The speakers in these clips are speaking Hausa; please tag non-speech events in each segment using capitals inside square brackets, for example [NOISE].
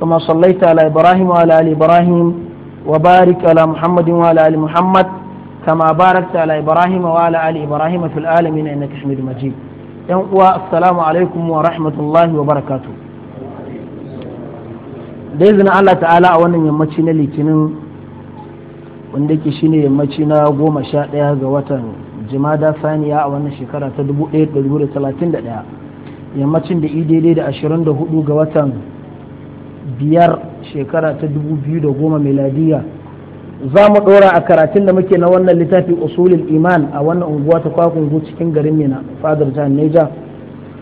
كما صليت على إبراهيم وعلى آل إبراهيم وبارك على محمد وعلى آل محمد كما باركت على إبراهيم وعلى آل إبراهيم في العالمين إنك حميد مجيد السلام عليكم ورحمة الله وبركاته da izinin Allah ta'ala a wannan yammaci na litinin wanda ke shine yammaci na goma sha ɗaya ga watan jimada saniya a wannan shekara ta 1431 yammacin da daidai da 24 ga watan biyar shekara ta dubu biyu da goma miladiya za mu ɗora a karatun da muke na wannan littafi usulul iman a wannan unguwa ta kwakungu cikin garin mina fadar jihar neja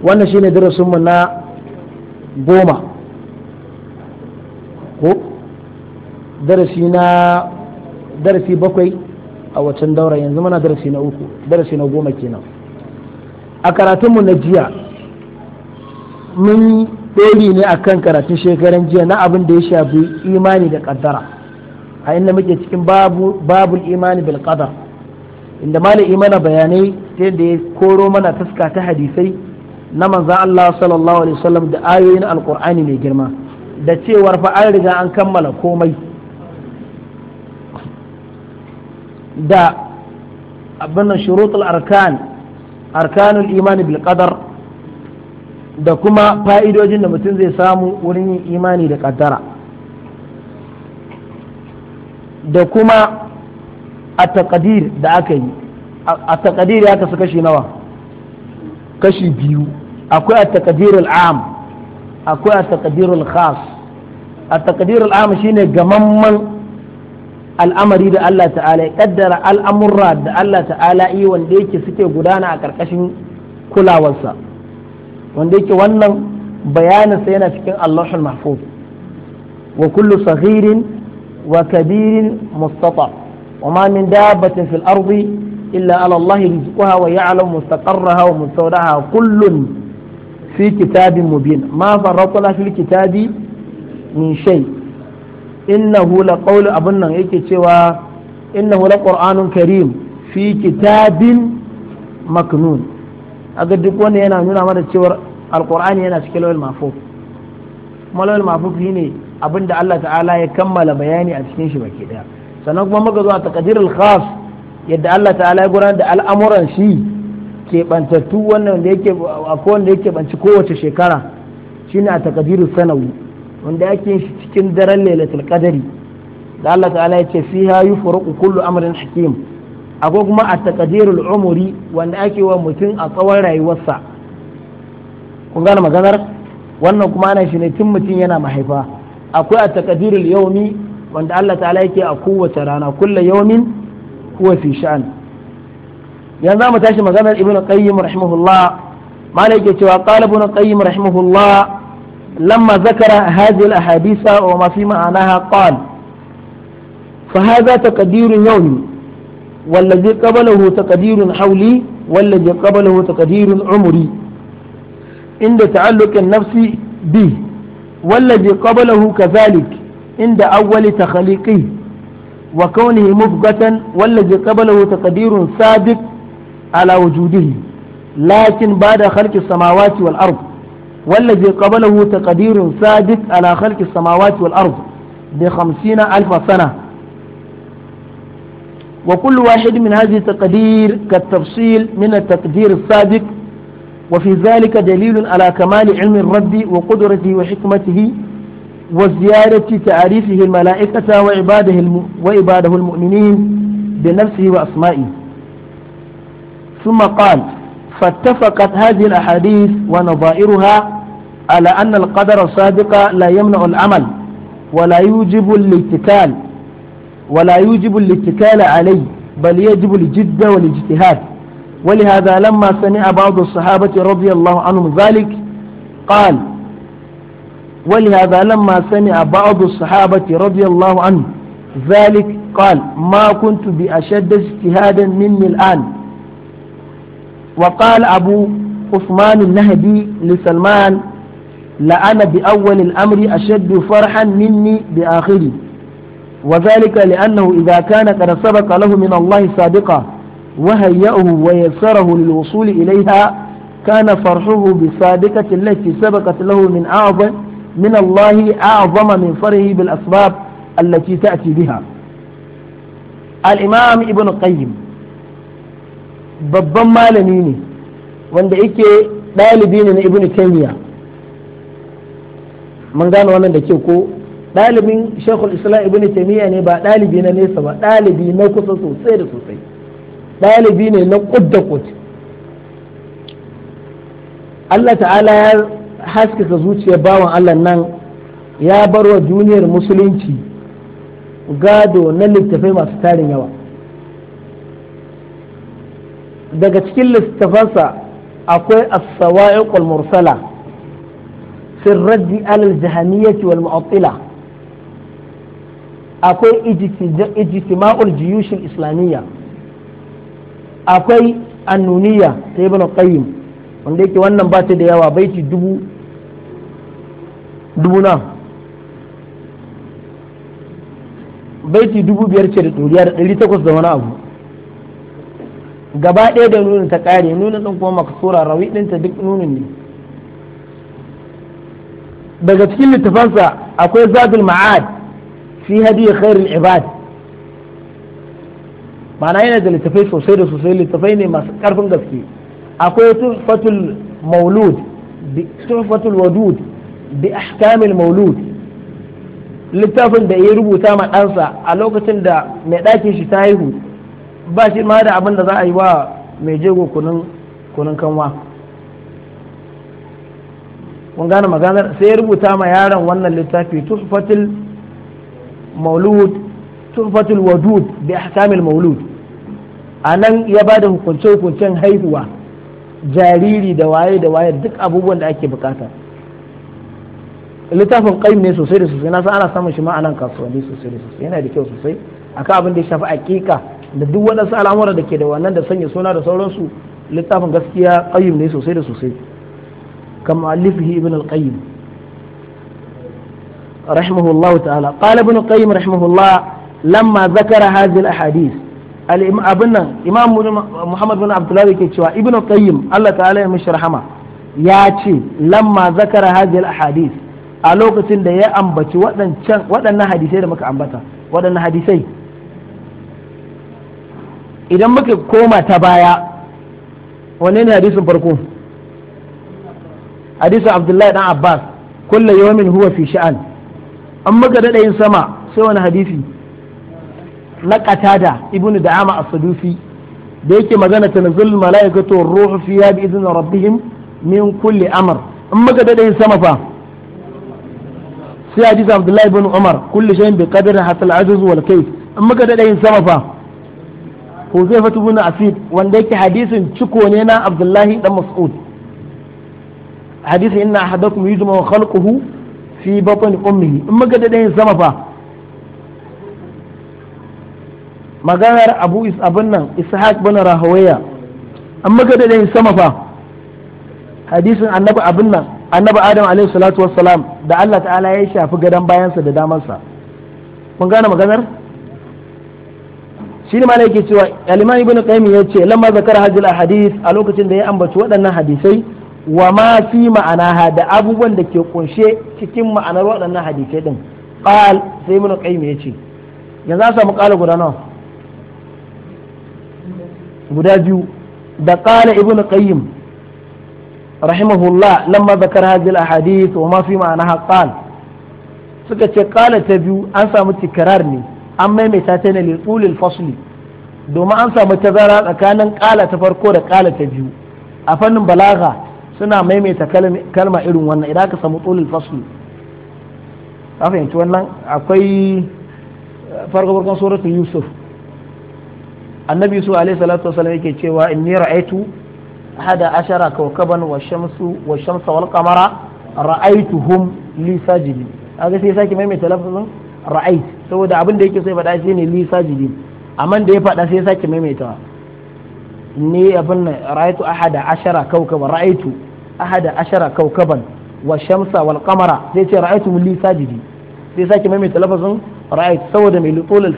wannan shine darasinmu na goma ko darasi na darasi bakwai a wacan daura yanzu muna darasi na uku darasi na goma kenan a karatunmu na jiya mun doli ne a kan karatun shekaran jiya na abin da ya shafi imani da kaddara a inda muke cikin babul imani bil qadar inda malam imana bayanai ta da ya koro mana taska ta hadisai na manzan Allah sallallahu alaihi wasallam da ayoyin alkur'ani mai girma da cewar fa an riga an kammala komai da abin shurutul arkan arkanul imani bil qadar da kuma fa'idojin da mutum zai samu wurin yin imani da kaddara da kuma a takadir da aka yi a takadir ya kasu kashi nawa kashi biyu akwai a takadir al'am akwai a takadir al’as khas a takadir al'am shine gamamman al'amari da Allah ta'ala ya kaddara al'amurra da Allah ta'ala yi wanda yake suke gudana a ƙarƙashin kulawarsa wanda yake wannan bayanin sa yana cikin Allahul Mahfuz wa kullu saghirin wa kabirin mustata wa ma min dabbatin fil ardi illa ala Allah rizquha wa ya'lamu mustaqarraha wa mustawdaha kullun fi kitabin mubin ma farratna fil kitabi min shay innahu laqawlu abun nan yake cewa innahu laqur'anun karim fi kitabin maknun aga duk wanda yana nuna mana cewar alkurani yana cikin lawal mafuf kuma lawal mafuf shine abin da Allah ta'ala ya kammala bayani a cikin shi baki daya sannan kuma muka zuwa a taqdirul khas yadda Allah ta'ala ya gudanar da al'amuran shi bantattu wannan da yake akwai wanda yake banci kowace shekara shine a takadir sanawi wanda yake yin shi cikin daren lailatul qadari da Allah ta'ala ya ce fiha yufraqu kullu amrin hakim akwai kuma a takadirul umuri wanda ake wa mutum a tsawon rayuwarsa kun gane maganar wannan kuma ana shi ne tun mutum yana mahaifa akwai a takadirul yaumi wanda Allah ta'ala yake a kowace rana kulla yaumin huwa fi sha'an yanzu mu tashi maganar ibnu qayyim rahimahullah malai yake cewa qala ibnu qayyim rahimahullah لما ذكر هذه الأحاديث وما في معناها قال فهذا تقدير يومي والذي قبله تقدير حولي والذي قبله تقدير عمري عند تعلق النفس به والذي قبله كذلك عند أول تخليقه وكونه مفقة والذي قبله تقدير سابق على وجوده لكن بعد خلق السماوات والأرض والذي قبله تقدير سابق على خلق السماوات والأرض بخمسين ألف سنة وكل واحد من هذه التقدير كالتفصيل من التقدير السابق وفي ذلك دليل على كمال علم الرب وقدرته وحكمته وزيادة تعريفه الملائكة وعباده وعباده المؤمنين بنفسه وأسمائه ثم قال فاتفقت هذه الأحاديث ونظائرها على أن القدر الصادق لا يمنع العمل ولا يوجب الاتكال ولا يوجب الاتكال عليه بل يجب الجد والاجتهاد ولهذا لما سمع بعض الصحابة رضي الله عنهم ذلك قال ولهذا لما سمع بعض الصحابة رضي الله عنهم ذلك قال ما كنت بأشد اجتهادا مني الآن وقال أبو عثمان النهدي لسلمان لأنا بأول الأمر أشد فرحا مني بآخره وذلك لأنه إذا كان قد سبق له من الله سابقة وهيأه ويسره للوصول إليها كان فرحه بالسابقة التي سبقت له من أعظم من الله أعظم من فرحه بالأسباب التي تأتي بها الإمام ابن القيم babban malami ne wanda yake ɗalibi ne na ibn taymiya mun gane wannan da ke ko ɗalibin shekul islam ibn taimiyya ne ba ɗalibi na nesa ba ɗalibi na kusa sosai da sosai ɗalibi ne na kudda da kud Allah ta'ala ya haskaka zuciyar bawan Allah nan ya bar wa duniyar musulunci gado na littafai masu tarin yawa daga cikin littafansa akwai as-sawa'iqul mursala fi raddi alal jahamiyyati wal mu'attila akwai ijtima'ul jiyushin islamiyya akwai annuniya ta ibn qayyim wanda yake wannan ba ta da yawa baiti dubu dubu na baiti dubu biyar ce da ɗoriya da ɗari takwas da wani abu gaba ɗaya da nunin ta ƙare nunin ɗin kuma makasura rawi ɗinta duk nunin ne daga cikin littafansa akwai zabil ma'ad fi hadi khairul ibad ma'ana yana da littafai sosai da sosai littafai ne masu karfin gaske akwai tuhfatul maulud tuhfatul wadud bi ahkamil maulud littafin da ya rubuta ma ɗansa a lokacin da mai ɗakin shi ta haihu ba shi ma da abin da za a yi wa mai jego kunun kanwa kun gane maganar sai ya rubuta ma yaran wannan littafi tuhfatul maulud tufatul wadud bi ahkamil maulud anan ya bada da hukunce-hukuncen haihuwa jariri da waye da waye duk abubuwan da ake bukata littafin qaim ne sosai da sosai na san ana samun shi ma anan kasuwanni sosai da sosai yana da kyau sosai akan abin da ya shafi aqiqa da duk waɗansu al'amura da ke da wannan da sanya suna da sauransu littafin gaskiya qayyim ne sosai da sosai kama alifihi ibn al-qayyim رحمه الله تعالى قال ابن القيم رحمه الله لما ذكر هذه الأحاديث ابن إمام محمد بن عبد الله كيتشوا ابن القيم الله تعالى يمشي رحمه ياتي لما ذكر هذه الأحاديث a lokacin da ya ambaci waɗannan hadisai da muka ambata waɗannan hadisai idan muka koma ta baya wane ne hadisin farko hadisin abdullahi dan abbas kulla yawmin huwa fi sha'an an maka daɗayin sama sai wani hadisi na qatada ibnu da'ama as-sadusi da yake magana ta tanzul malaikatu ruhu fiha bi idni rabbihim min kulli amr an maka daɗayin sama fa sai hadisi abdullahi ibn umar kulli shay'in bi qadri hasal ajuz wal kayf an maka daɗayin sama fa Huzaifatu bin Asid wanda yake hadisin ciko ne na Abdullahi dan Mas'ud hadisin inna ahadakum yujma'u khalquhu fi bakon ummihi in maka da ɗayan sama fa maganar abu is abin nan ishaq bin rahawaya an maka da ɗayan sama fa hadisin annabi abin nan annabi adam alaihi salatu wassalam da Allah ta'ala ya shafi gadon bayansa da damansa kun gane maganar shi ne malai yake cewa al-imam ibn qayyim ya ce lamma zakara hajji al a lokacin da ya ambaci waɗannan hadisai wa ma fi ma'anaha da abubuwan da ke kunshe cikin ma'anar waɗannan hadisai din qal sai mun qayyim yace yanzu an samu qala guda nawa guda biyu da qala ibn qayyim rahimahullah lamma zakara hadhihi al-ahadith wa ma fi ma'anaha qal suka ce qala ta biyu an samu tikrar ne an maimaita ta ne li fasli domin an samu tazara tsakanin qala ta farko da qala ta biyu a fannin balaga suna maimaita kalma irin wannan idan aka samu tsolil fasli ka fahimci wannan akwai eh, farko farkon suratul yusuf annabi su alaihi salatu wasallam yake cewa inni ra'aitu hada ashara kawkaban wa shamsu wa shamsa wal qamara ra'aituhum li sajidin kaga sai sake maimaita lafazin ra'ait saboda abin da yake so ya faɗa shine li sajidin amma da ya faɗa sai sake maimaitawa ne abin nan ra'aytu ahada ashara kawkaban ra'aytu ahada ashara kawkaban wa shamsa wal qamara sai ce ra'aytu li sajidi sai sake mai talafazin ra'aytu saboda mai lutul al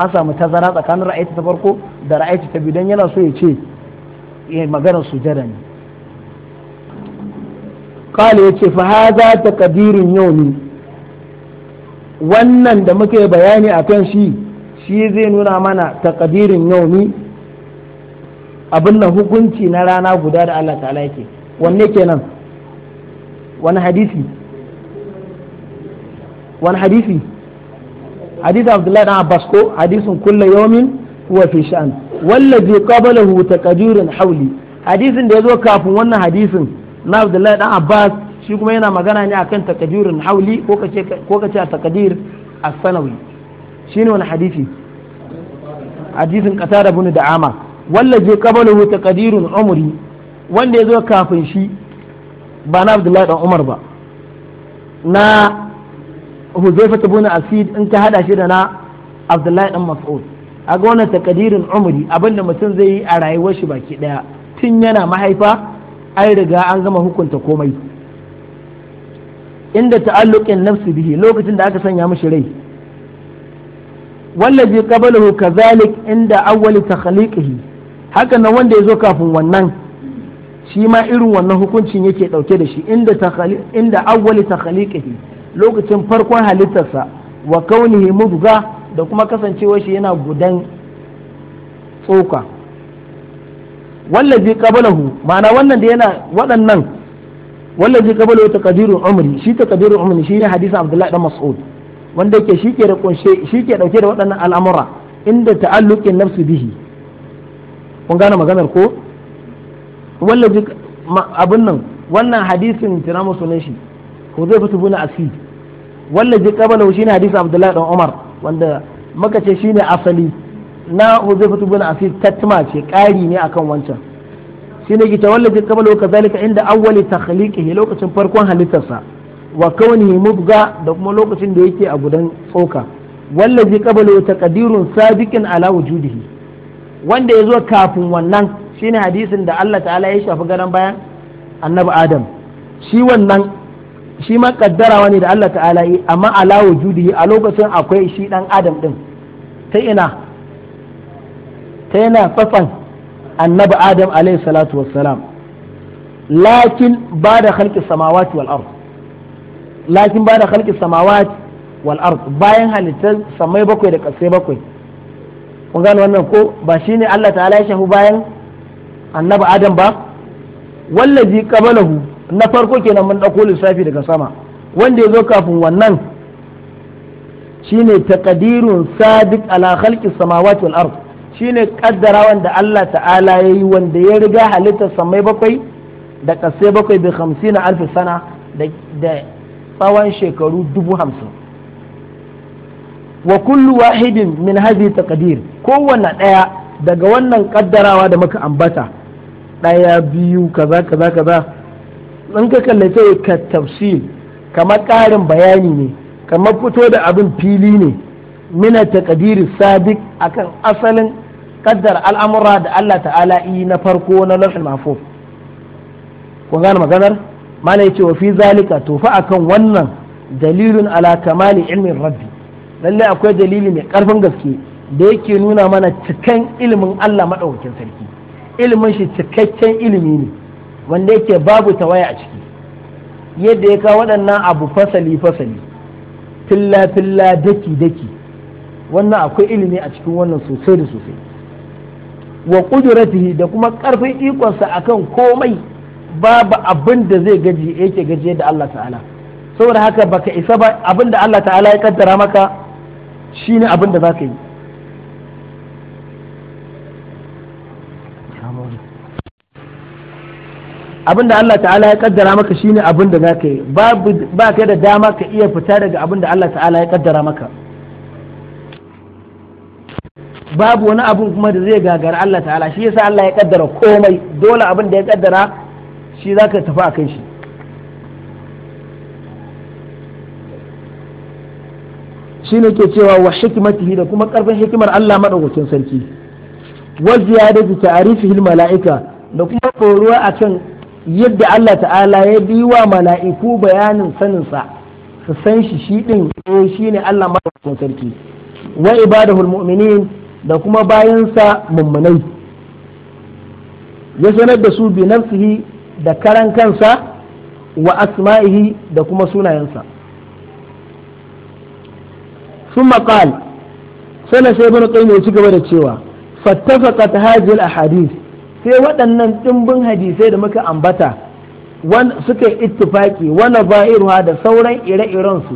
an samu tazara tsakanin ra'aytu ta farko da ra'aytu ta biyu dan yana so ya ce maganar sujada ne qala yace fa hadha taqdirun yawmi wannan da muke bayani akan shi shi zai nuna mana taqdirun yawmi abin nan hukunci na rana guda da Allah ta'ala yake wanne kenan wani hadisi wani hadisi hadisi abdullahi dan abbas ko hadisin kulla yawmin huwa fi sha'an wallazi qablahu taqdirun hawli hadisin da yazo kafin wannan hadisin na abdullahi dan abbas shi kuma yana magana ne akan taqdirun hawli ko kace ko kace taqdir as-sanawi shine wani hadisi hadisin qatada bin da'ama wallaje qabalahu kadirun umri wanda yazo kafin shi ba na Abdullahi dan Umar ba na Huzaifa buna Asid in ka hada shi da na Abdullahi dan Mas'ud a ga wannan taqdirun umri abinda mutum zai yi a rayuwar shi baki daya tun yana mahaifa ai riga an gama hukunta komai inda ta'alluqin nafsi bihi lokacin da aka sanya mishi rai wallazi qabalahu kazalik inda awwali takhliqihi hakan nan wanda ya zo kafin wannan shi ma irin wannan hukuncin yake ɗauke da shi inda awwali ta khaliqihi lokacin farkon halittarsa wa kaunihi mudga da kuma kasancewar shi yana gudan tsoka wallazi qabalahu ma'ana wannan da yana waɗannan wallazi qablahu taqdirul umri shi taqdirul umri shi ne hadisin Abdullahi dan Mas'ud wanda yake shi ke da kunshe shi ke dauke da waɗannan al'amura inda ta'alluqin nafsi bihi kun gane maganar ko wallazi abin nan wannan hadisin tana musu ne shi zai Huzaifa buna Asid wallazi qabala shine hadisi Abdullahi dan Umar wanda maka ce shine asali na Huzaifa buna Asid tatma ce ƙari ne akan wancan shi ne ki tawallazi qabala kazalika inda awwali takhliqihi lokacin farkon halittarsa wa kaunihi mubga da kuma lokacin da yake a gudan tsoka wallazi qabala taqdirun sabiqin ala wujudihi wanda ya zo kafin wannan shine hadisin da Allah ta'ala ya shafi ganin bayan annabi adam shi wannan shi ma kaddara ne da Allah ta'ala yi amma ala wujudihi a lokacin akwai shi dan adam din ta ina ta yana fafan annabi adam alaihi salatu wassalam lakin ba da halki samawati wal ard lakin ba da halki samawati wal ard bayan halittar samai bakwai da kasai bakwai kun gano wannan ko ba shi ne Allah ta'ala ya shafi bayan annabi adam ba wallazi qabalahu na farko kenan mun dauko lissafi daga sama wanda ya zo kafin wannan shine takadirun sadiq ala khalqis samawati wal ard shine kaddara wanda Allah ta'ala yayi wanda ya riga halittar samai bakwai da kasai bakwai bi 50000 sana da tsawon shekaru dubu hamsin wa kullu wahidin min hadhi taqdir kowanne daya daga wannan kaddarawa da muka ambata daya biyu kaza kaza kaza in ka kallace ka tafsil kamar ƙarin bayani ne kamar fito da abin fili ne mina taqdir sabiq akan asalin kaddar al'amura da Allah ta'ala yi na farko na lafil mahfuz kun gane maganar mana yace wa fi zalika to fa akan wannan dalilun ala kamali ilmin rabbi Lallai akwai dalili mai ƙarfin gaske da yake nuna mana cikan ilimin Allah madaukakin sarki ilimin shi cikakken ilimi ne wanda yake babu tawaya a ciki yadda ya kawo waɗannan abu fasali fasali filla filla daki daki wannan akwai ilimi a cikin wannan sosai da sosai wa kudratihi da kuma ƙarfin ikonsa akan komai babu abin da zai gaji yake gaji da Allah ta'ala saboda haka baka isa ba abin da Allah ta'ala ya kaddara maka ne abin da za ka yi abin da Allah ta'ala ya kaddara maka shine abin da za ka yi ba ka da dama ka iya fita daga abin da Allah ta'ala ya kaddara maka babu wani abin kuma da zai gagara Allah ta'ala shi yasa Allah ya kaddara komai dole abin da ya kaddara shi za ka tafi a kan shi ne ke cewa wa hikmatihi da kuma karfin hikimar Allah madaukakin sarki wa ziyadati ta'rifihil mala'ika da kuma koruwa akan yadda Allah ta'ala ya bi wa mala'iku bayanin sanin sa su san shi shi din eh shine Allah madaukakin sarki wa ibadahul mu'minin da kuma bayan sa mummunai ya sanar da su bi nafsihi da karan kansa wa asma'ihi da kuma sunayensa ثم قال سنة سيبن القيم يتكبر التشوى فاتفقت هذه الأحاديث في waɗannan ɗimbin hadisai da muka ambata suka yi ittifaki wani za'iruwa da sauran ire-irensu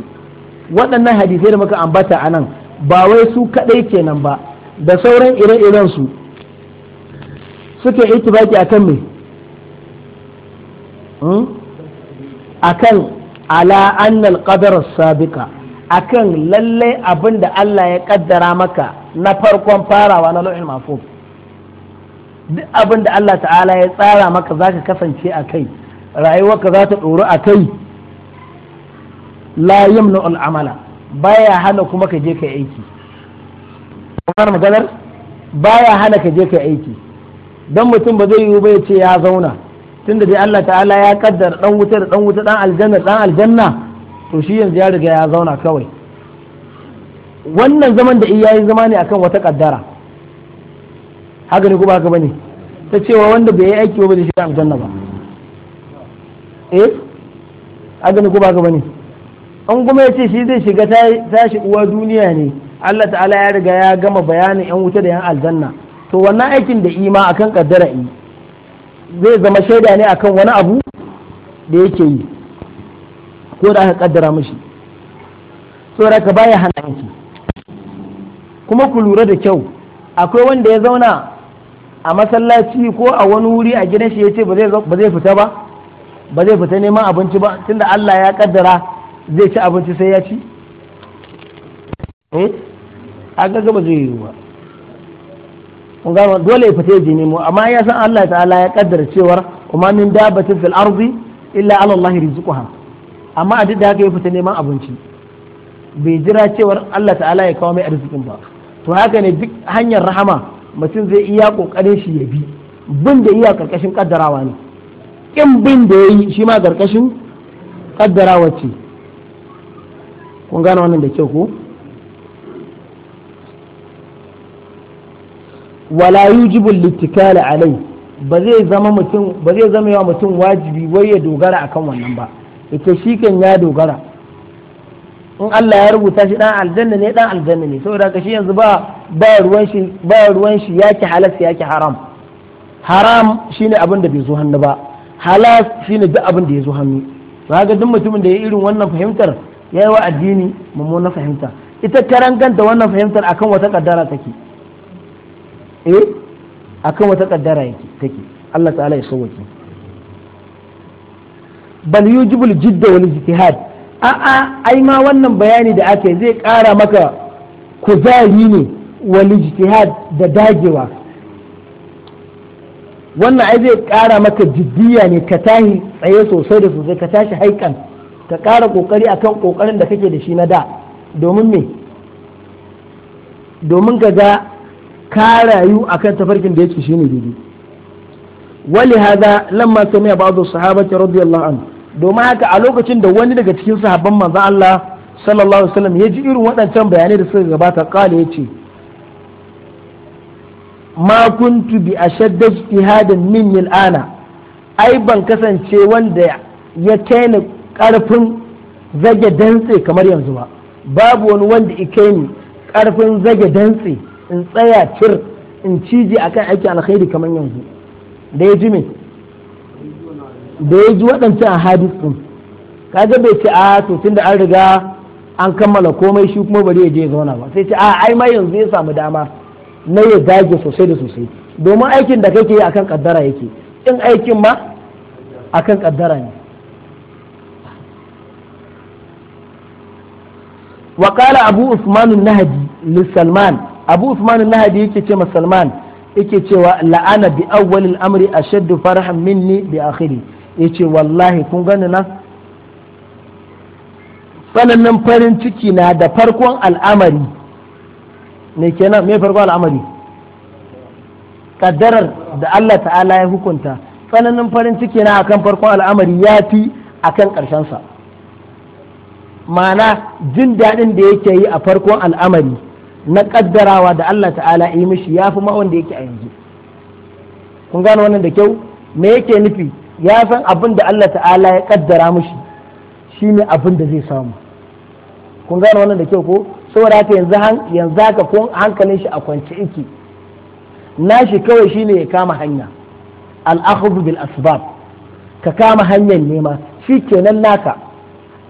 waɗannan hadisai da muka ambata a nan ba wai su kaɗai kenan ba da sauran ire-irensu suka yi ittifaki a kan ala annal qadar sabiqa akan lalle abin da Allah ya kaddara maka na farkon farawa na loin mafu duk abin da Allah ta'ala ya tsara maka zaka kasance a kai rayuwarka za ta ɗoru a kai la yamnu al'amala baya hana kuma ka je ka aiki kamar maganar baya hana ka je ka aiki dan mutum ba zai yiwu ba ya ce ya zauna tunda dai Allah ta'ala ya kaddara dan wuta da dan wuta dan aljanna dan aljanna to shi yanzu ya riga ya zauna kawai wannan zaman da iya yi zama ne akan wata kaddara haka ne ko ba haka bane ta cewa wanda bai yi aiki ba zai shiga aljanna ba eh haka ne ko ba haka bane an kuma yace shi zai shiga tashi uwa duniya ne Allah ta'ala ya riga ya gama bayanin yan wuta da yan aljanna to wannan aikin da ima akan kaddara yi zai zama shaida ne akan wani abu da yake yi ko da aka kaddara mishi da ka baya hana yanki kuma ku lura da kyau akwai wanda ya zauna a masallaci ko a wani wuri a gidan shi ya ce ba zai fita ba ba zai fita neman abinci ba tunda Allah ya kaddara zai ci abinci sai ya ci eh a gaga ba zai yi ba kun dole ya fita ya je nemo amma ya san Allah ta'ala ya kaddara cewar kuma min dabatin fil ardi illa ala Allah rizquha amma a duk da haka ya fita neman abinci bai jira cewar Allah ta'ala ya kawo mai arzikin ba to haka ne duk hanyar rahama mutum zai iya kokarin shi ya bi bin da iya karkashin kaddarawa ne kin bin da yayi shi ma karkashin kaddarawa ce kun gane wannan da kyau ko wala yujibu littikala alai ba zai zama mutum ba zai zama yawa mutum wajibi wai ya dogara akan wannan ba ita shi kan ya dogara in Allah ya rubuta shi dan aljanna ne dan aljanna ne saboda ka yanzu ba ba ruwan shi ba ruwan shi yake halas yake haram haram shine abin da bai zo hannu ba halas shine duk abin da ya zo hannu ga duk mutumin da ya irin wannan fahimtar yayi wa addini mummuna fahimta ita karan wannan fahimtar akan wata kaddara take eh akan wata kaddara yake take Allah ta'ala ya sauke bal yujibul jidda wal ijtihad a'a ai ma wannan bayani da ake zai kara maka kuzari ne wal ijtihad da dagewa wannan ai zai kara maka jiddiya ne ka tahi tsaye sosai da sosai ka tashi haikan ka kara ƙoƙari akan ƙoƙarin da kake da shi na da domin me domin ka ga ka rayu akan tafarkin da yake shine daidai ولهذا لما سمع بعض الصحابة رضي الله عنه domin haka a lokacin da wani daga cikin sahabban manzo Allah sallallahu alaihi wasallam ya ji irin waɗancan bayanai da suka gabata kale ya ce ma kuntu bi ashadda ijtihadan minni al'ana ai ban kasance wanda ya kaina ƙarfin zage dantse kamar yanzu ba babu wani wanda ike ni karfin zage dantse in tsaya cir in cije akan aiki alkhairi kamar yanzu da ya ji me da ya ji waɗancan hadis ɗin kaga bai ce a ah, to tunda an riga an kammala komai shi kuma bari ya je zauna ba sai ce a ah, ai ma yanzu ya samu dama na ya dage sosai da sosai domin aikin da kake yi akan kaddara yake in aikin ma akan kaddara ne وقال أبو عثمان النهدي لسلمان أبو عثمان النهدي la'ana bi awwal al-amri الأمر farahan minni bi akhiri ya ce wallahi kun gani nan tsananin farin ciki na da farkon al'amari ne kenan me farkon al'amari kaddarar da Allah ta'ala ya hukunta tsananin farin ciki na akan farkon al'amari ya fi akan ƙarshensa mana jin daɗin da yake yi a farkon al'amari na kaddarawa da Allah ta'ala yi mishi ya fi ma wanda yake a yanzu kun gano wannan da kyau me yake nufi ya san abin da Allah ta'ala ya kaddara shi ne abin da zai samu kun gane wannan da kyau ko saboda haka yanzu yanzu haka kun hankalin shi a kwance yake nashi kawai shi ne ya kama hanya al bil asbab ka kama hanyar nema shi kenan naka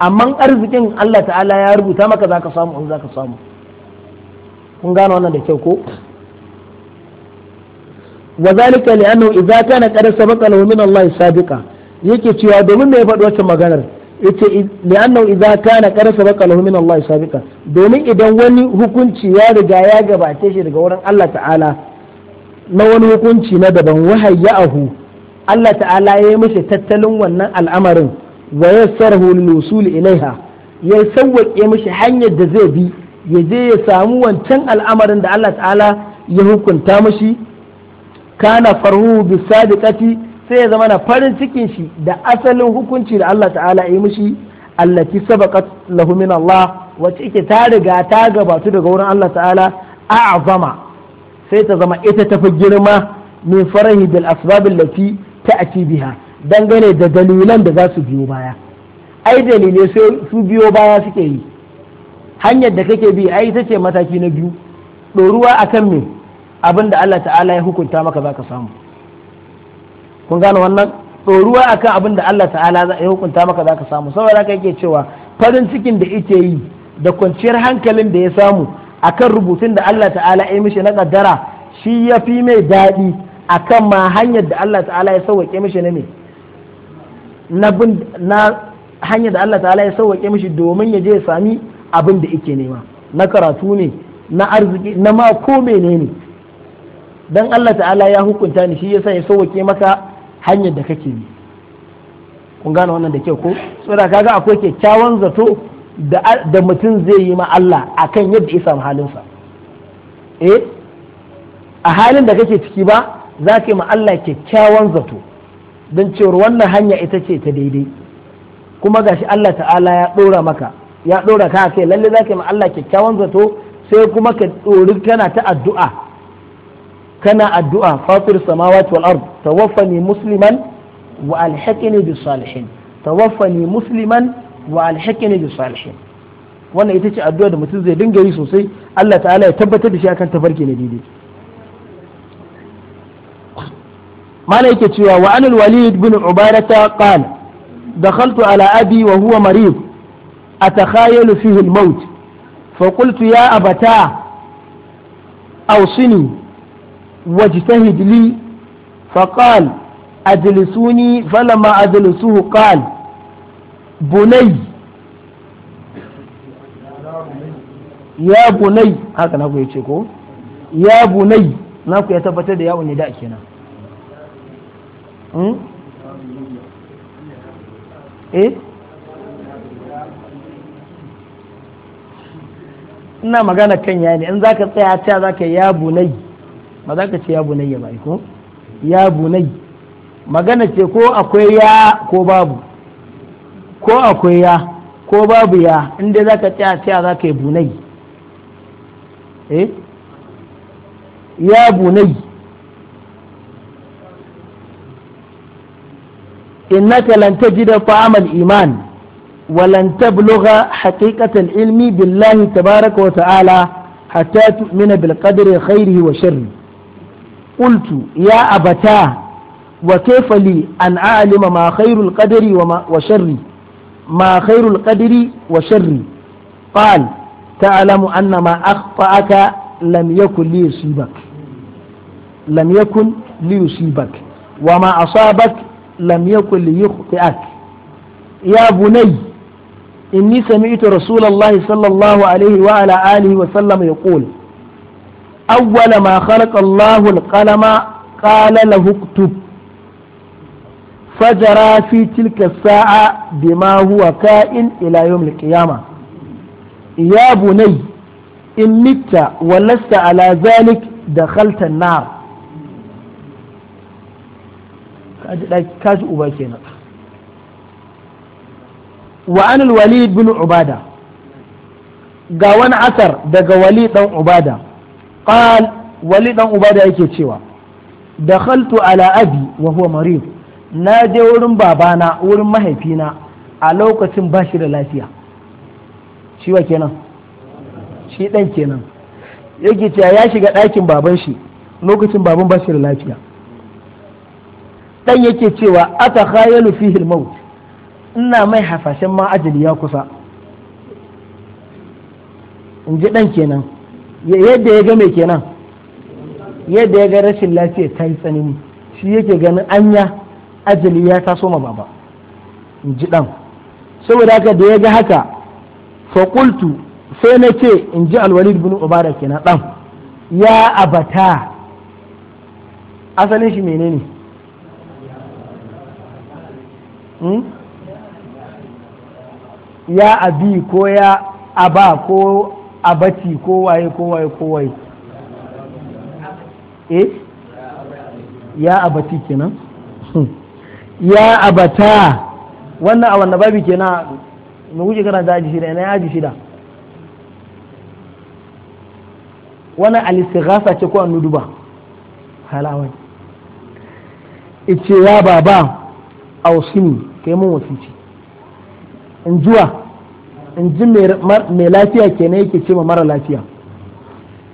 amma arzikin Allah ta'ala ya rubuta maka zaka samu in zaka samu kun gane wannan da kyau ko wa zalika li annahu idza kana qad sabaqa lahu min Allah sabiqa yake cewa domin me ya faɗi magana. maganar yace li annahu idza kana qad sabaqa lahu min Allah sabiqa domin idan wani hukunci ya riga ya gabace shi daga wurin Allah ta'ala na wani hukunci na daban wahayyahu Allah ta'ala ya yi mishi tattalin wannan al'amarin wa yassarahu lil ilaiha ya sauwaƙe mishi hanyar da zai bi ya je ya samu wancan al'amarin da Allah ta'ala ya hukunta mishi kana farhu bi sadiqati sai ya zama na farin cikin shi da asalin hukunci da Allah ta'ala ya yi mishi allati sabaqat lahu min Allah wacce ike ta riga ta gabatu daga wurin Allah ta'ala a'zama sai ta zama ita tafi girma min farahi bil asbab allati ta'ti biha dangane da dalilan da za su biyo baya ai dalilai sai su biyo baya suke yi hanyar da kake bi ai ita ce mataki na biyu ɗoruwa akan me abin da Allah ta'ala ya hukunta maka za ka samu kun gane wannan a akan abin da Allah ta'ala ya hukunta maka za ka samu saboda haka yake cewa farin cikin da yake yi da kwanciyar hankalin da ya samu akan rubutun da Allah ta'ala ya mishi na kaddara shi ya fi mai daɗi akan ma hanyar da Allah ta'ala ya sauwaƙe mishi na ne na hanyar da Allah ta'ala ya sauwaƙe mishi domin ya je ya sami abin da yake nema na karatu ne na arziki na ma ko menene dan Allah ta'ala ya hukunta ni shi yasa ya sauwake maka hanyar da kake bi kun gane wannan da kyau ko saboda kaga akwai kyakkyawan zato da mutum zai yi ma Allah akan yadda ya samu halinsa eh a halin da kake ciki ba za ka yi ma Allah kyakkyawan zato don cewar wannan hanya ita ce ta daidai kuma ga shi Allah ta'ala ya ɗora maka ya ɗora ka kai lalle za ka yi ma Allah kyakkyawan zato sai kuma ka ɗori kana ta addu'a kana addu'a fatir samawati wal ard tawaffani musliman wa alhaqini bis salihin tawaffani wannan ita ce addu'a da mutum zai dinga yi sosai Allah ta'ala ya tabbatar da shi akan tafarki na daidai mana yake cewa wa anil walid bin ubarata qala dakhaltu ala abi wa huwa marid atakhayalu fihi al-maut ya abata أبتاه أوصني واجتهد لي فقال أجلسوني فلما أجلسوه قال بني يا بني هكذا نقول يتشكو يا بني نقول يتفتد يا ونداء كنا eh ina magana kan yani in zaka tsaya ta zaka ya bunai ba za ka ce ya bunai ya ko ya bunai magana ce ko akwai ya ko babu ko akwai ya ko babu ya inda za ka tsaya tsaya za ka yi bunai eh ya bunai innaka lan da fa'amal iman ولن تبلغ حقيقة العلم بالله تبارك وتعالى حتى تؤمن بالقدر خيره وشره qultu ya abata wa kaifa li an a'lima ma khairul qadri wa sharri ma khairul qadri wa sharri qal ta'lamu anna ma akhta'aka lam yakun li yusibak lam yakun li wa ma ya bunayya إني سمعت رسول الله صلى الله عليه وعلى آله وسلم يقول awwala ma khalaqa Allahu al-qalama qala lahu fajara fi tilka sa'a bima huwa ka'in ila yawm al-qiyamah ya bunay in mitta wa lasta ala zalik dakhalta wa an al-walid bin ubada gawan wani asar daga wali dan ubada qal wali dan uba da yake cewa dakhaltu ala abi wa huwa marid na je wurin babana wurin mahaifina a lokacin ba shi da lafiya shi wa kenan shi dan kenan yake cewa ya shiga ɗakin baban shi lokacin baban ba shi da lafiya dan yake cewa ata khayalu fihi al-maut ina mai hafashen ma ajali ya kusa in ji dan kenan yadda ya ga mai kenan yadda ya ga rashin lafiya ta yi tsanani shi yake ganin anya ajali ya taso ma baba in ji ɗan saboda haka da ya ga haka faƙultu sai na ce in ji alwalid bin ubara kenan ɗan ya abata asalin shi menene hmm? ya abi ko ya aba ko abati ko waye ko waye ko waye eh ya abati kenan hmm. ya abata wannan a wannan babi kenan mu wuce karanta aji shida ina ya aji shida wannan alistighasa ce ko an nuduba halawai ice ya baba ausini kai mun ce in zuwa in ji mai lafiya kenan yake ce ma mara lafiya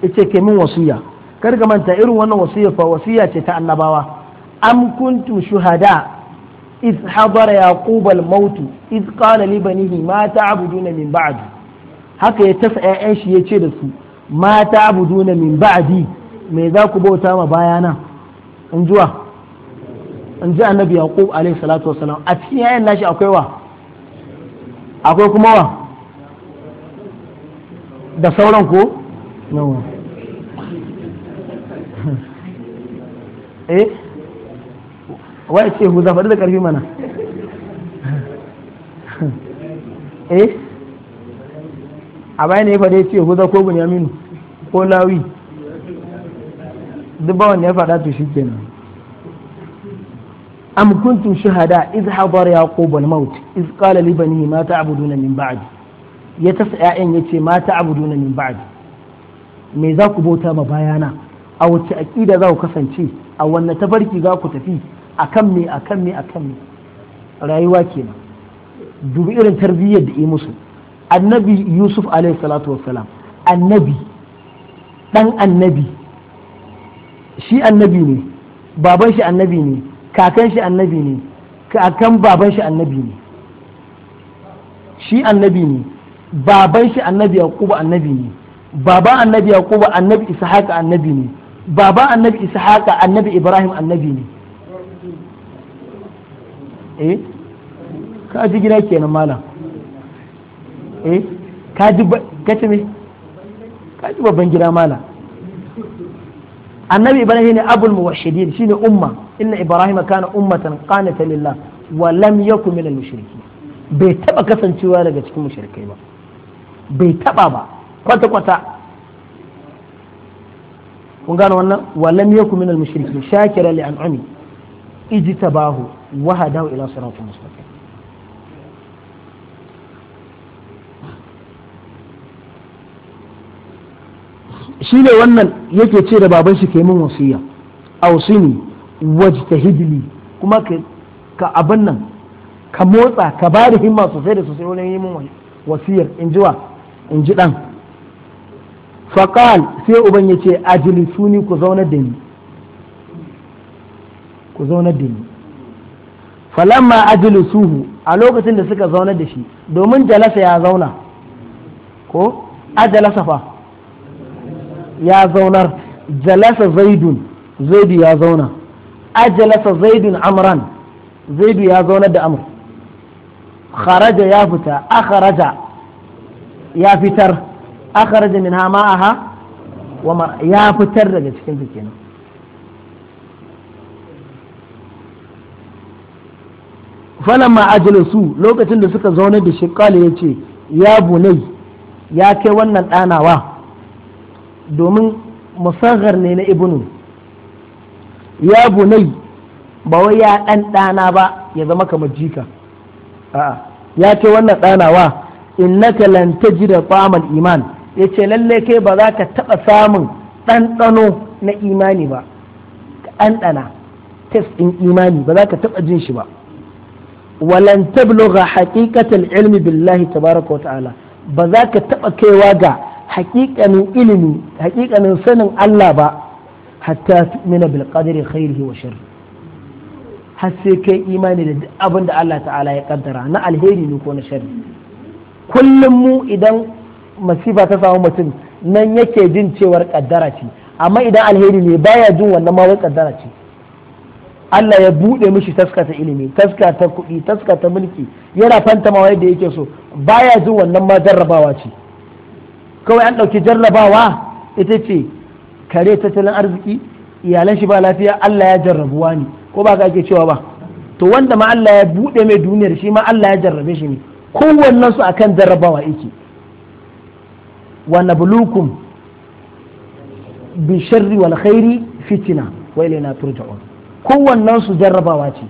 yace ke min wasiya kar ga manta irin wannan wasiya fa wasiya ce ta annabawa am kuntu shuhada iz hadara yaqub al maut iz qala li banihi ma ta'buduna min ba'di haka ya tafi 'ya'yan shi yace da su ma ta'buduna min ba'di me za ku bauta ma bayana in jiwa in ji annabi yaqub alaihi salatu wasalam a cikin 'ya'yan nashi akwai wa akwai kuma wa da sauran ko yawa [LAUGHS] eh ya ce hu zafari da karfi mana [LAUGHS] eh a bayan ya faɗa ce huza ko bunyaminu ko lawi duk ba bawan ya faɗa to shikenan am kuntum shuhada iz hadara ya al maut iz qala li mata ma ta'buduna min ba'di ya tasa ‘ya'yan ya ce mata ta abu min ba'di me za ku bauta ma bayana a wacce aƙida za ku kasance a wannan tafarki za ku tafi a kan me a kan me a kan me rayuwa ke nan. dubi irin tarbiyyar da musu annabi yusuf alaihi salatu wassalam annabi dan annabi shi annabi ne baban shi annabi ne kakan shi annabi ne kakan baban shi annabi ne shi annabi ne baban shi annabi yaquba annabi ne baban annabi yaquba annabi ishaqa annabi ne baban annabi ishaqa annabi ibrahim annabi ne eh ka ji gida kenan malam eh ka ji ka ce me ka ji babban gida malam annabi ibrahim ne abul muwahhidin shine umma inna ibrahim kana ummatan qanata lillah wa lam yakun minal mushrikin bai taba kasancewa daga cikin mushrikai ba bai taba ba kwata-kwata kun gano wannan walam yaku min al-mushrikin shakira li an'ami ijtabahu wa hadahu ila siratin mustaqim shine wannan yake ce da baban shi kai min wasiya awsini wajtahidli kuma ka abin nan ka motsa ka ba da himma sosai da sosai wajen yi min wasiyar in jiwa in ji ɗan faƙal sai uban ya ce suni ku zaunar da ni ku zaunar da ni falamma ajilisuhu a lokacin da suka zaunar da shi domin jalasa ya zauna ko ajalasa fa ya zaunar jalasa zaidun zaidu ya zauna ajalasa zaidun amran zaidu ya zaunar da amur kharaja ya fita a kharaja ya fitar aka akharaja min hama a ha ya fitar daga cikin ta kenan ma su lokacin da suka zaune da shi ya ce ya bunai ya kai wannan ɗanawa domin musaghar ne na ibnu ya bunai ba wai ya ɗan ɗana ba ya zama kamar jika a'a ya kai wannan ɗanawa innaka lan tajida ta'amal iman yace lalle kai ba za ka taba samun ɗanɗano na imani ba ɗanɗana test ɗin imani ba za ka taba jin shi ba walan tablugha haqiqatal ilmi billahi tabaraka wa ta'ala ba za ka taba kaiwa ga haƙiƙanin ilimi haƙiƙanin sanin Allah ba hatta tu'mina bil qadri khairihi wa sharri har sai kai imani da duk abin da Allah ta'ala ya kaddara na alheri ne ko na sharri kullum mu idan masifa ta samu mutum nan yake jin cewar kaddara ce amma idan alheri ne baya jin wannan ma wai kaddara ce Allah ya buɗe mishi taskata ilimi taska ta kuɗi taska ta mulki yana fantama wa yadda yake so baya jin wannan ma jarrabawa ce kawai an ɗauki jarrabawa ita ce kare tattalin arziki iyalan shi ba lafiya Allah ya jarrabuwa ne ko ba ka ake cewa ba to wanda ma Allah ya buɗe mai duniyar shi ma Allah ya jarrabe shi ne kowannensu su akan jarrabawa yake wa na bi sharri wal khairi fitina wa ilaina turja'un kowannen su jarrabawa ce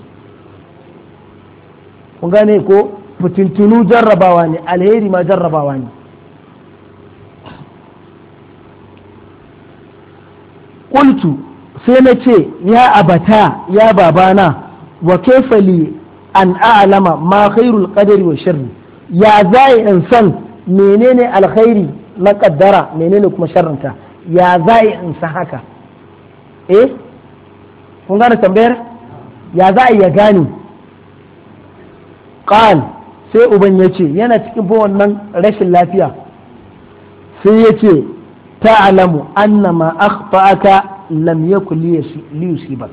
kun gane ko fitintunu jarrabawa ne alheri ma jarrabawa ne qultu sai na ce ya abata ya babana wa kefali an a'lama ma khairul qadari wa sharri ya za in san menene alkhairi na kaddara menene kuma sharrinta ya za in san haka eh kun gane tambayar ya za ya gane qal sai uban ya ce yana cikin fa wannan rashin lafiya sai ya ce ta'lamu annama akhta'aka lam yakul yusibak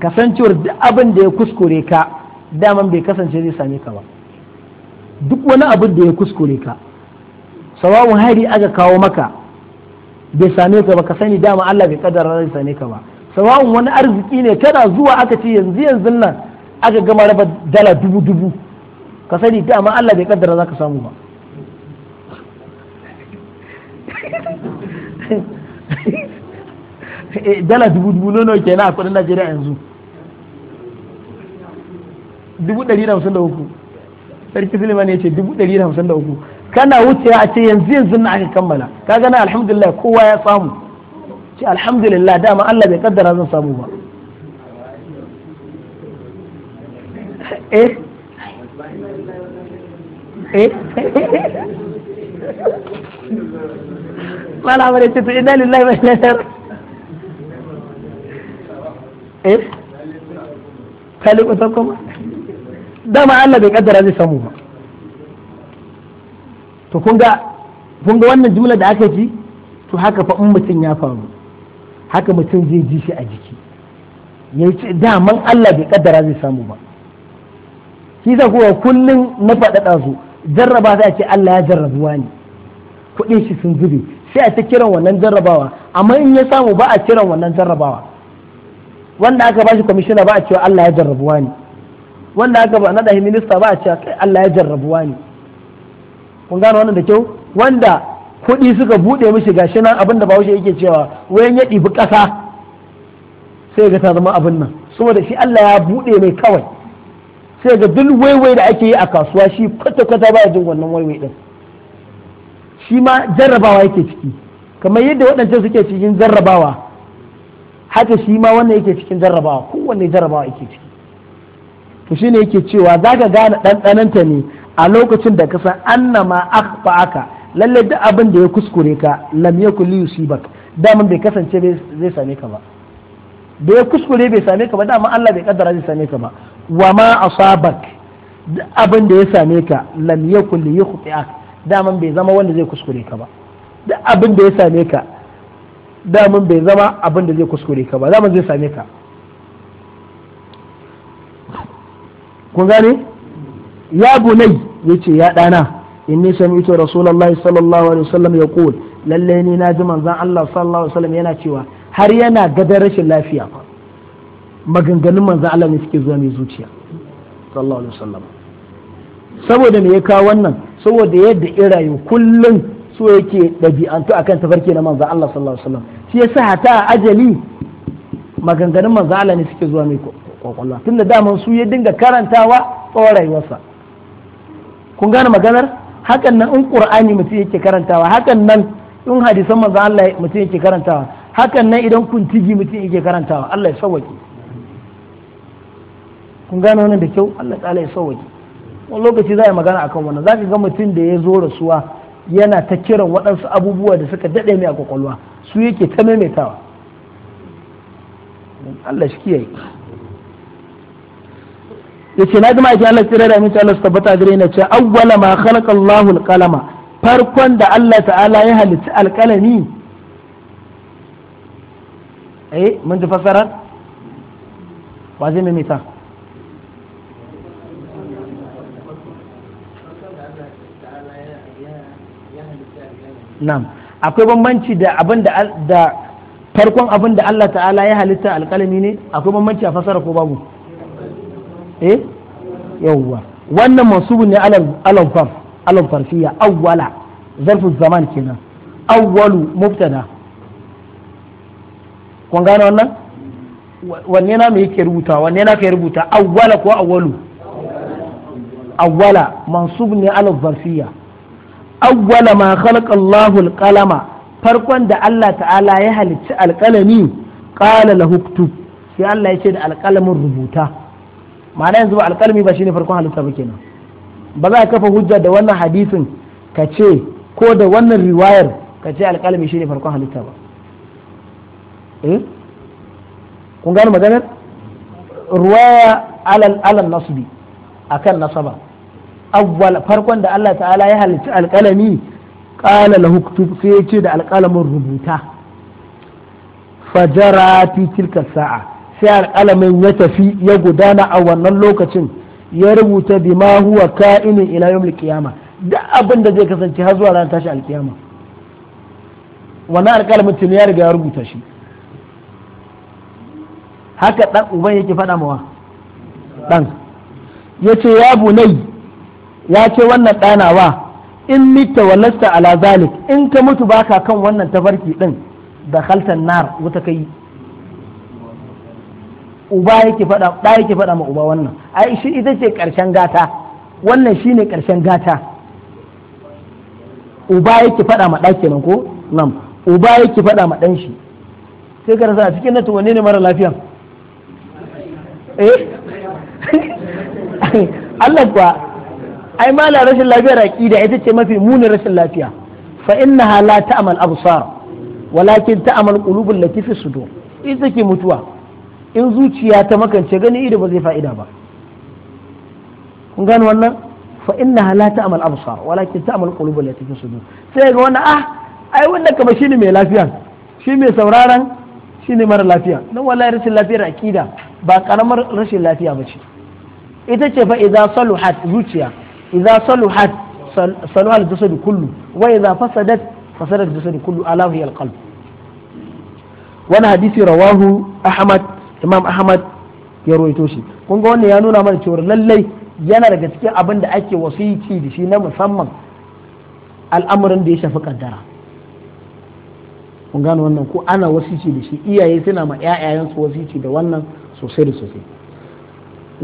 kasancewar duk abin da ya kuskure ka daman bai kasance zai same ka ba duk wani abin da ya kuskure ka sawawun hari aka kawo maka bai same ka ba ka sani dama Allah bai kaddara zai same ka ba sawawun wani arziki ne kana zuwa aka ce yanzu yanzu nan aka gama raba dala dubu dubu ka sani dama Allah bai kaddara za ka samu ba eh, dala dubu dubu nono kenan a kudin Najeriya yanzu dubu ɗari da hamsin da uku sarki zulman ya ce dubu ɗari da hamsin da uku kana wucewa a ce yanzu yanzu na aka kammala ka gana alhamdulillah kowa ya samu ce alhamdulillah dama Allah bai kaddara zan samu ba eh eh ce to lillahi eh kali kusa kuma dama Allah bai kaddara zai samu ba to kun ga wannan jumla da aka ji to haka fa in mutum ya faru haka mutum zai ji shi a jiki ya ce daman Allah bai kaddara zai samu ba shi da kuwa kullum na faɗaɗa su jarraba za a ce Allah ya jarrabuwa ne kuɗin shi sun zube sai a ta kiran wannan jarrabawa amma in ya samu ba a kiran wannan jarrabawa wanda aka ba shi kwamishina ba a cewa Allah ya jarrabuwa ne wanda aka ba na shi minista ba a ce kai Allah ya jarrabuwa ne kun gano wannan da kyau wanda kuɗi suka buɗe mishi gashi nan abin da bahaushe yake cewa wayan ya ɗibi ƙasa sai ga ta zama abin nan saboda shi Allah ya buɗe mai kawai sai ga duk waiwai da ake yi a kasuwa shi kwata-kwata baya jin wannan waiwai ɗin. shi ma jarrabawa yake ciki kamar yadda waɗancan suke cikin jarrabawa haka shi ma wannan yake cikin jarrabawa kowanne jarrabawa yake ciki to shine yake cewa zaka gane ɗanɗananta ne a lokacin da ka san annama aka lalle duk abin da ya kuskure ka lam yakul li yusibak daman bai kasance zai same ka ba da ya kuskure bai same ka ba dama Allah bai kaddara zai same ka ba wa ma asabak duk abin da ya same ka lam yakul li yukhti'ak daman bai zama wanda zai kuskure ka ba duk abin da ya same ka daman bai zama abin da zai kuskure ka ba daman zai same ka kun gane ya bunai yace ya ɗana, inni sami'tu rasulullahi sallallahu alaihi wasallam yaqul lalle ni na ji manzon Allah sallallahu alaihi wasallam yana cewa har yana gadar rashin lafiya fa maganganun manzon Allah ne suke zuwa mai zuciya sallallahu alaihi wasallam saboda me ya kawo wannan saboda yadda irayu kullum so yake dabi'antu akan tafarki na manzon Allah sallallahu alaihi wasallam shi yasa hata ajali maganganun manzon Allah ne suke zuwa mai kwakwalwa tun da daman su ya dinga karantawa tsawon rayuwarsa kun gane maganar hakan nan in ƙur'ani mutum yake karantawa hakan nan in hadisan manzo Allah mutum yake karantawa hakan nan idan kun tigi mutum yake karantawa Allah ya sauwake kun gane wannan da kyau Allah ta'ala ya sauwake wani lokaci za a yi magana akan wannan za ka ga mutum da ya zo rasuwa yana ta kiran waɗansu abubuwa da suka daɗe mai a kwakwalwa su yake ta maimaitawa Allah shi kiyaye yace na ji ma'aikin Allah tsirrai da aminci Allah su tabbata gare na ce awwala ma khalaqa Allahu al-qalama farkon da Allah ta'ala ya halitta alkalami eh mun ji fasarar wa zai mita Na'am akwai bambanci da abin da farkon abin da Allah ta'ala ya halitta alkalami ne akwai bambanci a fasara ko babu eh yawwa wannan mansubu ne alam fam alam farfiya awwala zarfu zaman kenan awwalu mubtada kun gane wannan wanne na me yake rubuta wanne na kai rubuta awwala ko awwalu awwala mansubu ne alam farfiya awwala ma khalaqa Allahu al-qalama farkon da Allah ta'ala ya halicci alƙalami qala lahu sai Allah ya ce da alƙalamin rubuta ma'ana yanzu ba alƙalmi ba shine farkon halitta ba kenan ba za ka kafa hujja da wannan hadisin ka ce ko da wannan riwayar ka ce alƙalmi shine farkon halitta ba eh kun gano maganar ruwaya alal alal nasbi akan nasaba awwal farkon da Allah ta'ala ya halitta alƙalami qala lahu sai ya ce da alƙalamin rubuta fajara fi tilka sa'a sai alƙalamin ya tafi ya gudana a wannan lokacin ya rubuta bima huwa ka'inin ila al qiyama duk abin da zai kasance har zuwa ran tashi al-qiyama wannan alƙalamin tun ya riga ya rubuta shi haka dan uban yake faɗa mawa dan yace ya bunai ya ce wannan ɗanawa in mita walasta ala zalik in ka mutu baka kan wannan tafarki ɗin da khaltan nar wuta kai uba yake faɗa ɗa yake faɗa ma uba wannan ai shi ita ce ƙarshen gata wannan shi ne ƙarshen gata uba yake faɗa ma ɗa kenan ko nam uba yake faɗa ma ɗan shi sai ka rasa a cikin nata wanne ne mara lafiya eh [LAUGHS] Allah kuwa ai mala rashin lafiyar aqida ita ce mafi muni rashin lafiya fa innaha la ta'mal absar walakin ta'mal qulubul lati fi sudur ita ke mutuwa in zuciya ta makance gani ido ba zai fa'ida ba kun gani wannan fa inna la ta'mal absar walakin ta'mal qulub allati fi sudur sai ga wannan ah ai wannan kamar shine mai lafiya shi mai sauraron shine mara lafiya dan wallahi rashin lafiyar akida ba karamar rashin lafiya bace ita ce fa idza saluhat zuciya idza saluhat saluha al-jasad kullu wa idza fasadat fasadat al-jasad kullu ala hiya al-qalb wannan hadisi rawahu ahmad imam ahmad ya ruwaito shi kun ga wannan ya nuna mana cewa lallai yana daga cikin abin da ake wasici da shi na musamman al'amuran da ya shafi kaddara kun gano wannan ko ana wasici da shi iyaye suna ma ƴaƴayen su wasici da wannan sosai da sosai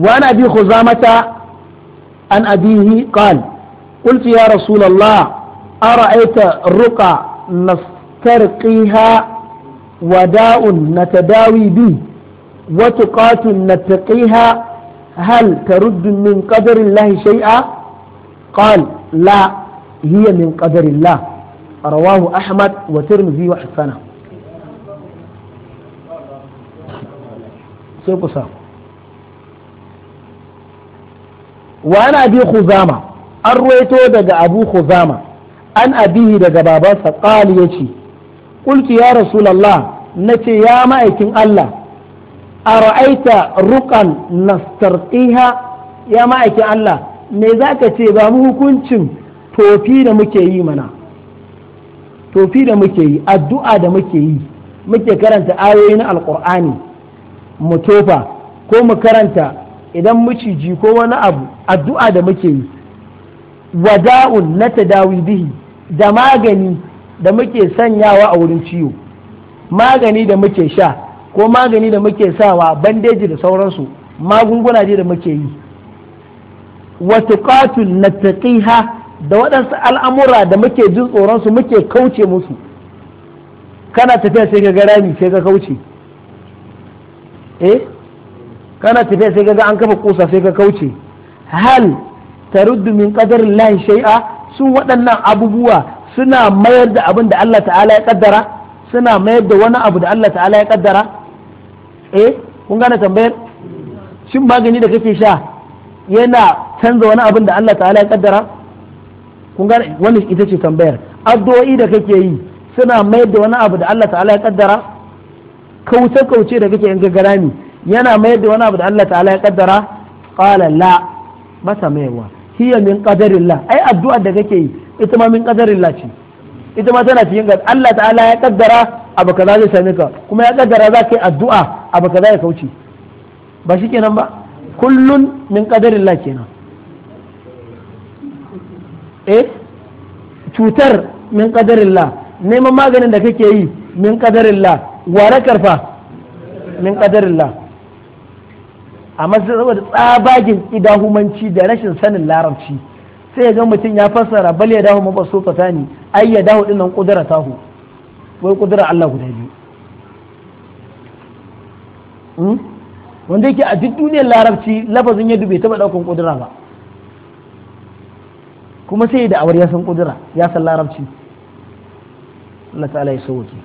wa ana bi khuzamata an abihi qal قلت يا رسول الله أرأيت الرقى نسترقيها وداء نتداوي به وتقات نتقيها هل ترد من قدر الله شيئا قال لا هي من قدر الله رواه أحمد وترمذي وحسنه سيكو وأن أبي خزامة أرويته دقى أبو خزامة أن أبيه دقى بابا قال يشي قلت يا رسول الله نتي يا مأيكين الله A ra'aita rukan nastarkiha ya ma'aikin Allah me ka ce ba mu hukuncin tofi da muke yi mana tofi da muke yi addu'a da muke yi muke karanta ayoyi na mu tofa ko mu karanta idan miciji ko wani abu addu'a da muke yi wada'un na tadawi bihi da magani da muke sanyawa a wurin ciwo magani da muke sha ko magani da muke sawa bandeji da sauransu magunguna ne da muke yi wa tuqatul nattaqiha da waɗansu al'amura da muke jin tsoron su muke kauce musu kana tafiya sai ka ga rami sai ka kauce eh kana tafiya sai ka ga an kafa kusa sai ka kauce hal taruddu min qadarin lahi shay'a sun waɗannan abubuwa suna mayar da abin da Allah ta'ala ya kaddara suna mayar da wani abu da Allah ta'ala ya kaddara eh kun gane tambayar shin magani da kake sha yana canza wani abin da Allah ta'ala ya kaddara kun gane wannan ita ce tambayar addu'o'i da kake yi suna mayar da wani abu da Allah ta'ala ya kaddara kauce kauce da kake in gagara ni yana mayar da wani abu da Allah ta'ala ya kaddara qala la masa maiwa hiya min qadarillah ai addu'ar da kake yi ita ma min qadarillah ce ita ma tana cikin Allah ta'ala ya kaddara abu kaza zai same ka kuma ya kaddara za ka yi addu'a abu kaza ya kauce ba shi kenan ba kullun min kadarin la kenan eh cutar min kadarin la neman maganin da kake yi min kadarin la ware karfa min kadarin la amma saboda tsabagin idahumanci da rashin sanin larabci sai ga mutum ya fassara bal ya dahu mabasuta tani ai ya dahu dinnan kudura tahu wai kudura Allah guda biyu Hmm? wanda yake a duk duniyar larabci lafazin ya dube taɓa ɗaukan ƙudura ba kuma sai da awar ya san ƙudura ya san larabci Allah ta'ala ya sauke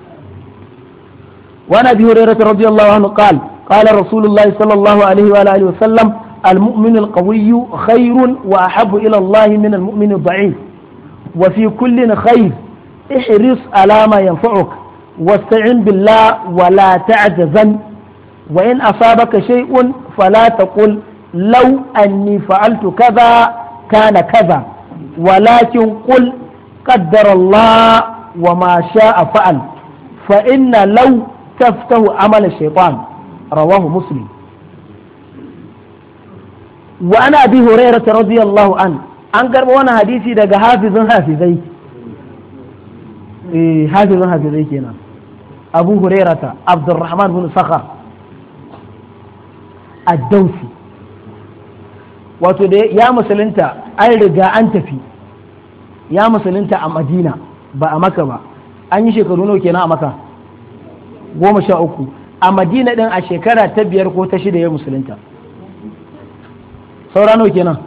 wa na bi hurairah radiyallahu anhu qal qala rasulullah sallallahu alaihi wa sallam al al qawiy khairun wa ahabbu ila allah min al mu'min al da'if wa fi kulli khair ihris ala ma yanfa'uk واستعن بالله ولا تعجزن wa in asabaka shay'un fala taqul law anni fa'altu kaza kana kaza walakin qul qaddara Allah wa ma sha'a fa'al fa inna law taftahu amala shaytan rawahu muslim wa ana abi hurairah radiyallahu anhu an garba wani hadisi daga hafizin hafizai eh, hafizin kenan abu hurairata abdulrahman bin sakhar addausi wato da ya musulunta an riga an tafi ya musulunta a madina ba a maka ba an yi shekaru nawa kenan a maka goma sha uku a madina din a shekara ta biyar ko ta shida ya musulunta saura nawa kenan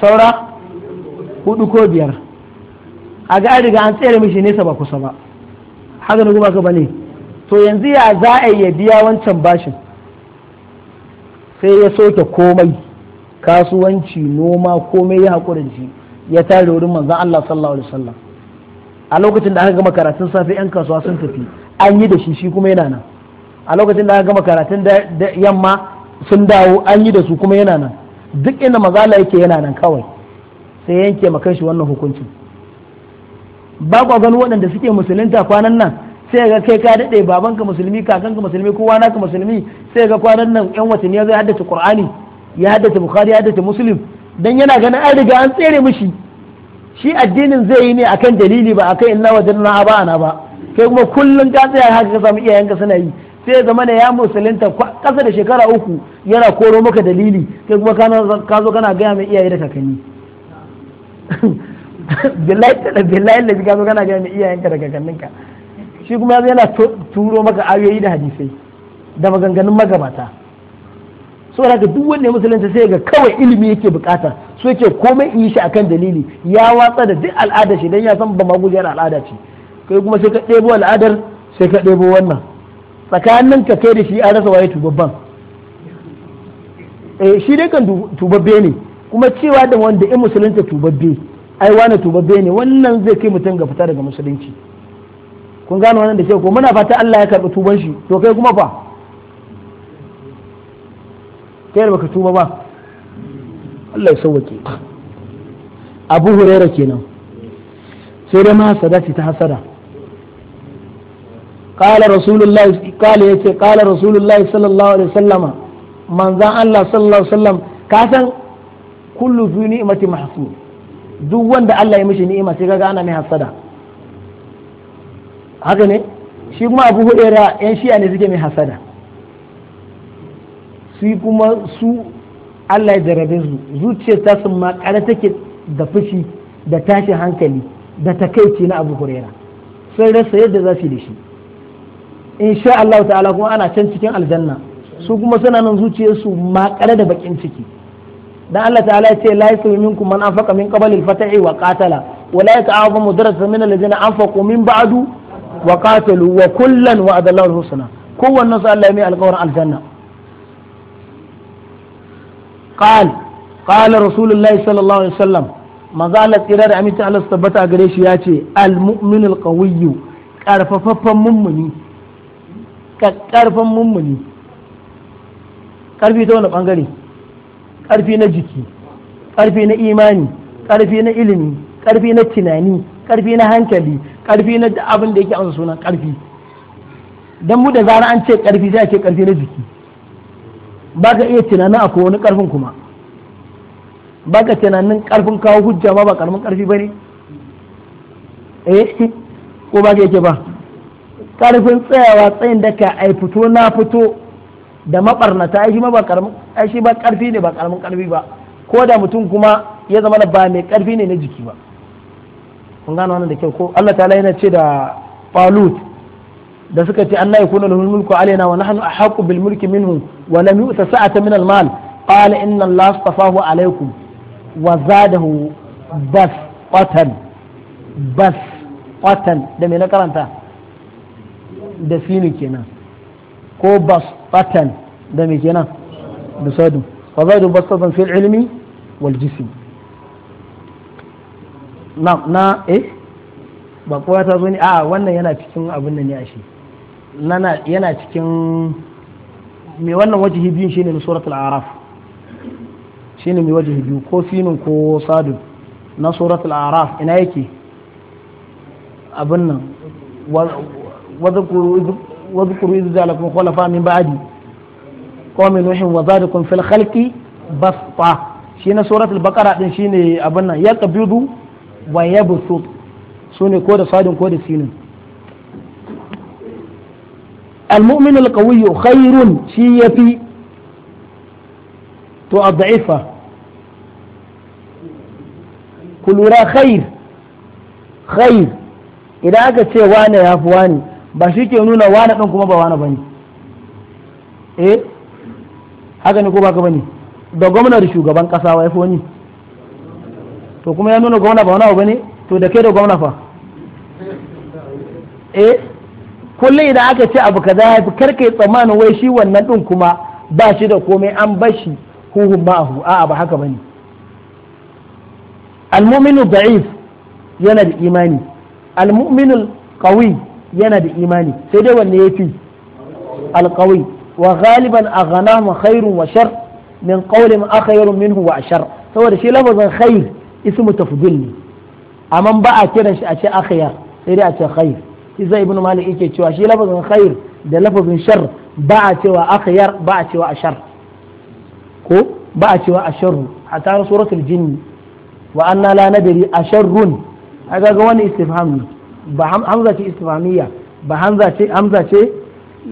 saura hudu ko biyar a ga an riga an tsere mishi nesa ba kusa ba haka na ka ba ne to yanzu ya za a yi biya wancan bashin sai ya soke komai kasuwanci noma komai ya haƙura shi ya tare wurin manzan Allah sallallahu alaihi wasallam a lokacin da aka gama karatun safe yan kasuwa sun tafi an yi da shi shi kuma yana nan a lokacin da aka gama karatun da yamma sun dawo an yi da su kuma yana nan duk inda mazala yake yana nan kawai sai yanke kai shi wannan hukuncin ba kwa gani waɗanda suke musulunta kwanan nan sai ga kai ka daɗe babanka musulmi kakanka musulmi kowa naka musulmi sai ga kwanan nan yan watanni ya zai haddace qur'ani ya haddace bukhari ya haddace muslim dan yana ganin an riga an tsere mishi shi addinin zai yi ne akan dalili ba akan inna wajanna aba ana ba kai kuma kullun ka tsaya haka ka samu iyayenka suna yi sai zama ne ya musulunta kasa da shekara uku yana koro maka dalili kai kuma ka zo kana gaya mai iyaye da kakanni [LAUGHS] billahi billahi da ka zo kana gaya iyayenka da shi kuma yana turo maka ayoyi da hadisai da maganganun magabata da duk wanda ya musulunta sai ga kawai ilimi yake bukata so yake komai in yi shi akan dalili ya watsa da duk al'ada shi dan ya san ba magujiyar al'ada ce kai kuma sai ka ɗebo al'adar sai ka ɗebo wannan tsakanin ka kai da shi an rasa waye tubabban eh shi dai kan tubabbe ne kuma cewa da wanda in musulunta tubabbe ai wani tubabbe ne wannan zai kai mutum ga fita daga musulunci kun gano wannan da ke ko muna fata Allah ya karɓi tuban shi to kai kuma fa kai da baka tuba ba Allah ya sauwake Abu Huraira kenan sai dai ma sadati ta hasada قال رسول الله قال قال رسول الله صلى الله عليه وسلم من ذا الله صلى الله عليه وسلم duk wanda Allah ya mishi ni'ima sai ka ana mai hasada haka ne shi kuma abu hudera yan shi'a ne suke mai hasada su kuma su Allah ya jarabe su zuciyar ta sun makara take da fushi da tashi hankali da takaici na abu hurera sun rasa yadda za su yi da shi insha Allah ta'ala kuma ana can cikin aljanna su kuma suna nan zuciyar su makare da bakin ciki dan Allah ta'ala ya ce la yasu minkum man anfaqa min qabli al-fata'i wa qatala wa la yata'azamu darasa min alladhina anfaqu min ba'du wa wa kullan wa adallahu husna kowanne su Allah mai aljanna qal qala rasulullahi sallallahu alaihi wasallam manzo Allah da aminta Allah su tabbata gare shi ya ce al mu'minul qawiyyu karfafaffen mummuni karfan mummuni karfi ta bangare ƙarfi na jiki ƙarfi na imani karfi na ilimi karfi na tunani ƙarfi na hankali ƙarfi na abin da yake amsa sunan ƙarfi don mu da zara an ce ƙarfi sai a ce ƙarfi na jiki ba ka iya tunanin akwai wani ƙarfin kuma ba ka tunanin ƙarfin kawo hujja ma ba ƙarfin ƙarfi ba ne eh ko ba ka yake ba ƙarfin tsayawa tsayin da ka ai fito na fito da mabarnata ai shi ma ba ƙaramin ai shi ba ƙarfi ne ba ƙarfin ƙarfi ba ko da mutum kuma ya zama ba mai ƙarfi ne na jiki ba kun gano wannan da kyau ko Allah ta'ala yana ce da Falut da suka ce an kuna lahu mulku alaina wa nahnu ahqqu bil mulki minhu wa lam yu'ta sa'atan min al mal qala inna Allah astafahu alaykum wa zadahu bas qatan bas qatan da me na karanta da sinu kenan ko bas qatan da me kenan da sadu wa zadu basatan fil ilmi wal jism na eh ba kowa ta zo ne a wannan yana cikin abin nan ne a shi yana cikin mai wannan wajihi biyun shine na suratul araf shine mai wajihi biyu ko sinin ko sadu na suratul araf ina yake abin nan wadhkuru idh ja'alakum khulafa min ba'di qawmin nuhin wa zadakum fil khalqi ba shi na suratul baqara din shine abin nan ya qabidu wa su ne ko da sadin ko da sinin المؤمن القوي shi ya fi. to الضعيفة ku lura khair khair idan aka ce wane ya fi wane ba shi ke nuna wane ɗin kuma ba wane ba ne eh haka ne ko ba ka ba ne da gwamnar shugaban ƙasa wa ya fi wani to kuma ya nuna gwamna ba wani abu bane to da kai da gwamna fa eh kullum idan aka ce abu kaza ya fi karka tsammanin wai shi wannan din kuma ba shi da komai an bashi huhun ma'ahu a'a ba haka bane al-mu'minu da'if yana da imani al-mu'minu qawi yana da imani sai dai wanne yafi al-qawi wa ghaliban ma khairun wa shar min qawlin akhayrun minhu wa ashar saboda shi lafazin khair ismu tafdil ne amma ba a kiran shi a ce akhyar sai dai a ce khair isa ibnu malik yake cewa shi lafazin khair da lafazin shar ba a cewa akhyar ba a cewa ashar ko ba a cewa asharru hatta suratul jinn wa anna la wani ba hamza ce istifhamiyya ba hamza ce hamza ce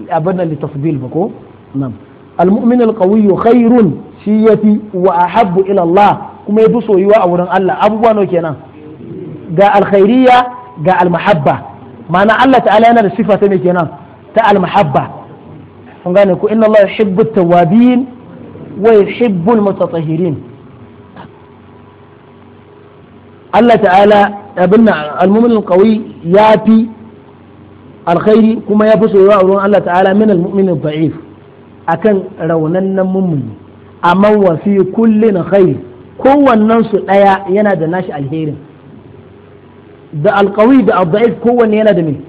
abin da tafdil ba ko nan المؤمن القوي خير wa وأحب إلى الله kuma ya fi soyuwa a wurin Allah abubuwa no kenan ga alkhairiyya ga almahabba ma'ana Allah ta'ala yana da sifa ta me kenan ta almahabba kun gane ku inna Allah yuhibbu tawabin wa yuhibbu almutatahhirin Allah ta'ala abinna almu'min alqawi yafi alkhairi kuma ya fi soyuwa a wurin Allah ta'ala min almu'min ad-da'if akan raunannan mummuni amma wa fi kullin khair kowannen su ɗaya yana da nashi alherin da alkawi da abda'if kowanne yana da me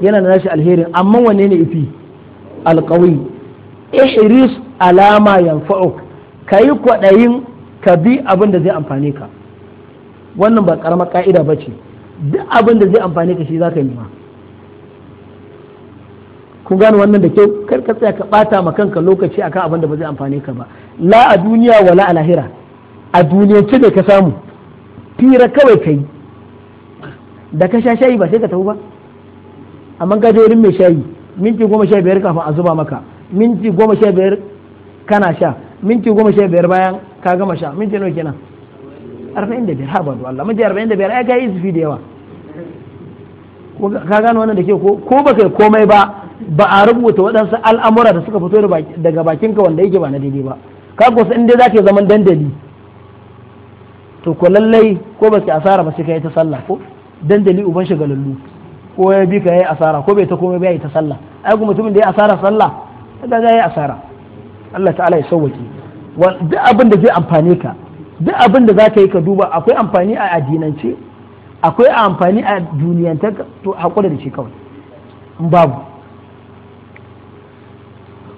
yana da nashi alherin amma wanne ne ifi alkawi ihris alama ka yi kwaɗayin ka bi abin da zai amfane ka wannan ba ƙarama ka'ida ba ce duk abin da zai amfane ka shi za ka yi ma kun gane wannan da kyau kar ka tsaya ka ɓata ma kanka lokaci akan abin da ba zai amfane ka ba la a duniya wala a lahira a duniyance da ka samu fira kawai ka yi da ka sha shayi ba sai ka tafi ba amma ga wurin mai shayi minti goma sha biyar kafin a zuba maka minti goma sha biyar kana sha minti goma sha biyar bayan ka gama sha minti nawa kenan arba'in da biyar ha ba Allah minti arba'in da biyar ai ka yi zufi da yawa ka gano wannan da ke ko ba baka komai ba ba a rubuta waɗansu al'amura da suka fito daga bakinka wanda yake ba na daidai ba ka kusa in dai zaka zaman dandali to ko lallai ko ba ki asara ba sai ka yi ta sallah ko dandali uban galallu ko ya bi ka yi asara ko bai ta komai ba yi ta sallah ai kuma mutumin da ya asara sallah ga ya yi asara Allah ta'ala ya sauwake duk abin da zai amfane ka duk abin da za ka yi ka duba akwai amfani a addinance akwai amfani a duniyanta to hakuri da shi kawai babu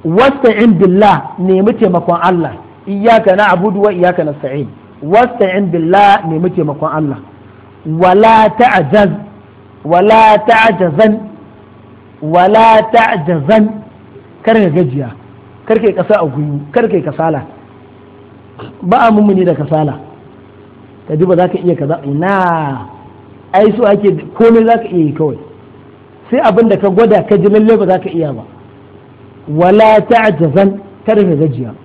wasta'in billah nemi taimakon Allah iyyaka na'budu wa iyyaka nasta'in wasta'in billah nemi taimakon Allah wala ta'jaz wala ta'jazan wala ta'jazan kar ka gajiya kar kai kasa a guyu kar kai kasala ba a mummuni da kasala ka ba za ka iya kaza ina ai su ake komai za ka iya yi kawai sai abin da ka gwada ka ji lalle ba za ka iya ba wala ta'jazan kar ka gajiya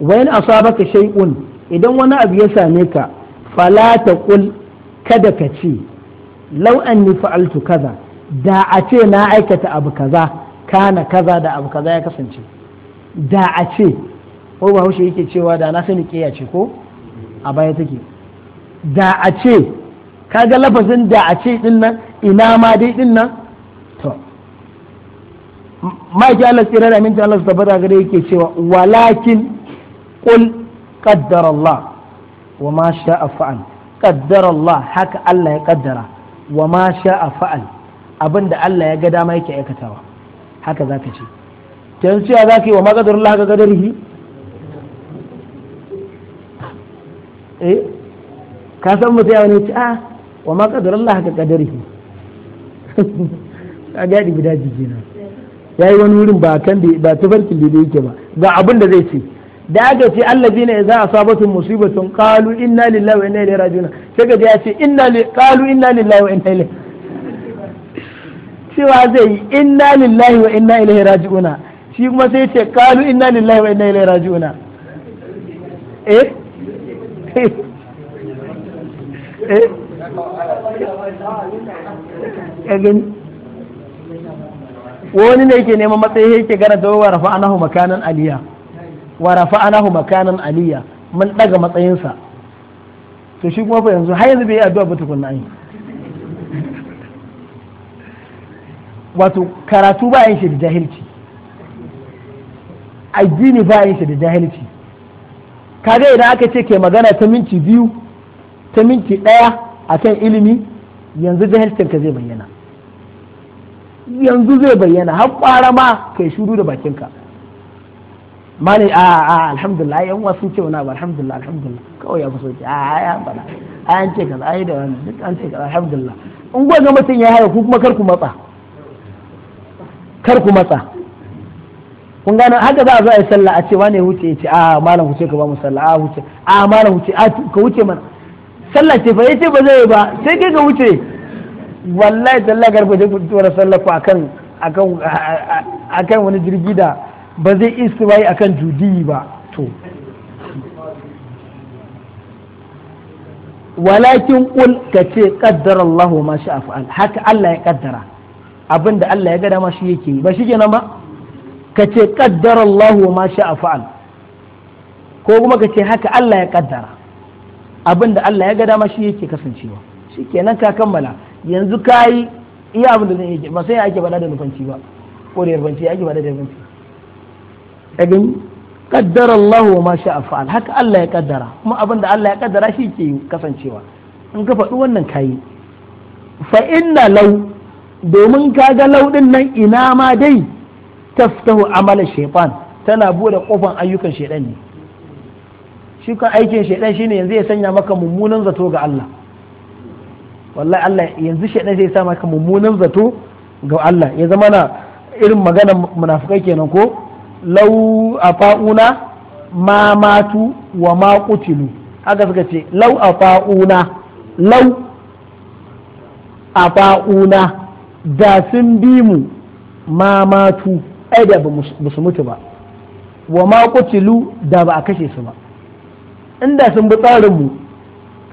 wa in asabaka shay'un idan wani abu ya same ka fala kul kada ka ce law ni fa'altu kaza da a ce na aikata abu kaza kana kaza da abu kaza ya kasance da a ce ko ba haushe yake cewa da na sani kiyaye ce ko a baya take da a ce kaga lafazin da a ce din nan ina ma dai din nan to ji Allah tsira da minta Allah tabbata gare yake cewa walakin qul قدر الله wa ma فعل قدر الله haka Allah ya kaddara wa ma abinda Allah ya ga dama aikatawa haka zaka ce dan sai zaka zaki wa ma Allah haka qadarihi eh ka san mutum ya wani ce a wa ma qaddara Allah haka qadarihi a ga bidaji kenan yayi wani wurin ba kan ba tafarkin da yake ba ga abinda zai ce da aka ce allazi ne za a sabatun musibatun kalu inna lillahi wa inna ilaihi raji'un sai ka ya ce inna kalu inna lillahi wa inna ilaihi cewa zai yi inna lillahi wa inna ilaihi raji'un shi kuma sai ce kalu inna lillahi wa inna ilaihi raji'un eh [LAUGHS] eh eh wani ne yake neman matsayi yake gara da wa rafa anahu makanan aliyah wa rafa'anahu makanan aliyya mun daga matsayinsa to shi kuma fa yanzu har yanzu bai addu'a ba tukunna ai wato karatu ba yin shi da jahilci addini ba yin shi da jahilci kaga idan aka ce ke magana ta minti biyu ta minti ɗaya akan ilimi yanzu jahilcin ka zai bayyana yanzu zai bayyana har ƙwara ma kai shuru da bakinka mali a a alhamdulillah yan wasu ce wani abu alhamdulillah alhamdulillah kawai ya fi soke a ya bada a an ce kaza yi da wani duk an ce kaza alhamdulillah in gwa ga mutum ya haya ku kuma kar ku matsa kar ku matsa kun gane haka za a zo a yi sallah a ce wane wuce ya ce a malam wuce ka ba mu sallah a wuce a malam wuce a ka wuce mana sallah ce fa yace ba zai yi ba sai kai ka wuce wallahi tallahi garba je ku tura sallah ku akan akan akan wani jirgi da ba zai istiwa'i akan judiyi ba to walakin kul ka ce kaddara Allah ma shi fa'al haka Allah ya kaddara abinda Allah ya gada ma shi yake ba shi kenan ba ka ce kaddara Allah ma shi fa'al ko kuma ka ce haka Allah ya kaddara abinda Allah ya gada ma shi yake kasancewa shi kenan ka kammala yanzu kayi iya abinda zai yake ba sai ake bada da nufanci ba ko da yarbanci ake bada da nufanci. Ɗagin ƙaddarar kaddara Allah wa ma a fa'al haka Allah ya kaddara kuma abin da Allah ya kaddara shi ke kasancewa in ka faɗi wannan kayi fa inna lau domin ga lau din nan ina ma dai taftahu amala shaytan tana buɗe kofan ayyukan shaytan ne shi kan aikin shaytan shine yanzu ya sanya maka mummunan zato ga Allah wallahi Allah yanzu shaytan sai ya sa maka mummunan zato ga Allah ya zama na irin maganar munafikai kenan ko lau a fa'una ma matu wa ma kutilu haka suka ce lau a fa'una lau a fa'una da sun bi mu ma matu ai da ba su mutu ba wa ma kutilu da ba a kashe su ba inda sun bi tsarinmu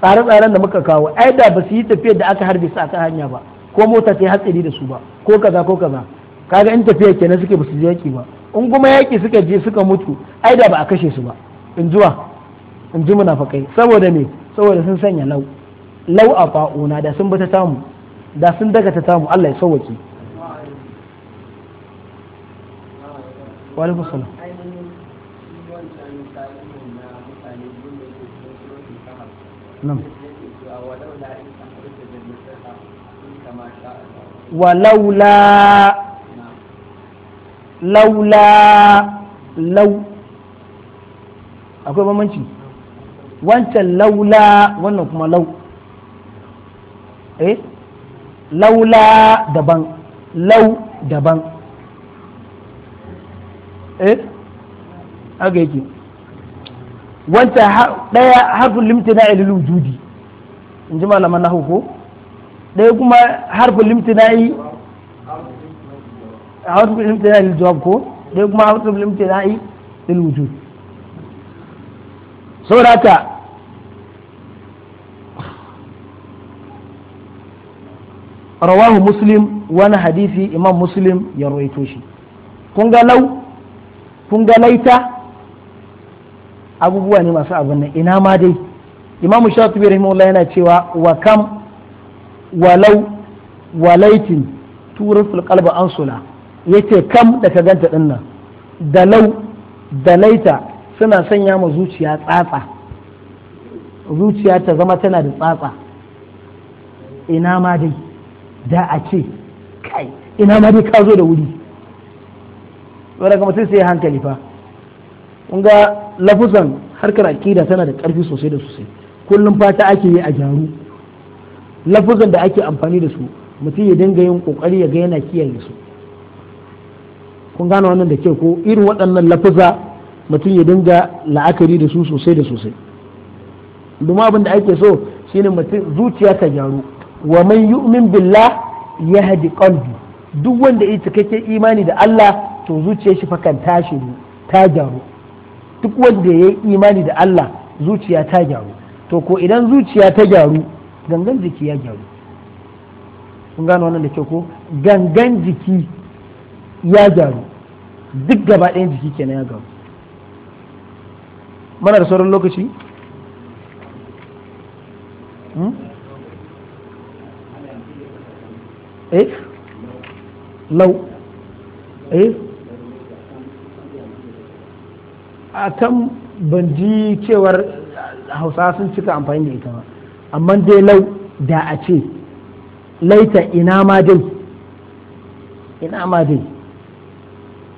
tsare-tsaren da muka kawo ai da ba su yi tafiyar da aka harbe su a kan hanya ba ko mota ta yi hatsari da su ba ko kaza ko kaza kaga in tafiya kenan suke ba su je yaki ba in kuma yaƙi suka je suka mutu ai da ba a kashe su ba in zuwa in ji munafakai saboda me saboda sun sanya lau lau a fa'una da sun bata tamu da sun daga ta tamu Allah ya sauwaki wa alaikum salam nan walaula laula lau akwai bambanci wancan laula wannan kuma lau eh laula daban lau daban eh haka yake wancan ɗaya harfin limtina ililu wujudi in ji malaman nahu ko ɗaya kuma harfin limtina yi hausa bil imtina lil jawab ko dai kuma hausa bil imtina lil wujud saboda haka rawahu muslim wani hadisi imam muslim ya rawaito shi kun ga kun ga laita abubuwa ne masu abin nan ina ma dai imam shatibi rahimahullah yana cewa wa kam walau walaitin turul qalba ansula yace kam da ka ganta din nan da lau da laita suna sanya ma zuciya tsatsa zuciya ta zama tana da tsatsa ina ma dai da a ce kai ina ma dai ka zo da wuri wadda kuma sai sai hankali fa kun ga lafuzan harkar akida tana da ƙarfi sosai da sosai kullum fata ake yi a gyaru lafuzan da ake amfani da su mutum ya dinga yin kokari ya ga yana kiyaye su kun gane wannan da ke ko irin waɗannan lafiza mutum ya dinga la'akari da su sosai da sosai domin abin da ake so shine mutum zuciya ta gyaru wa man yu'min billah yahdi qalbi duk wanda ya cikakken imani da Allah to zuciya shi fakan tashi ta gyaru duk wanda ya yi imani da Allah zuciya ta gyaru to ko idan zuciya ta gyaru gangan jiki ya gyaru kun gane wannan da ke ko gangan jiki ya gyaru duk gaba ɗayan jiki kenan ya gamu mana da sauran lokaci hmm? eh lau eh a kan ban ji cewar hausa sun cika amfani da ita ba amma dai lau da a ce laita ina ma dai ina ma dai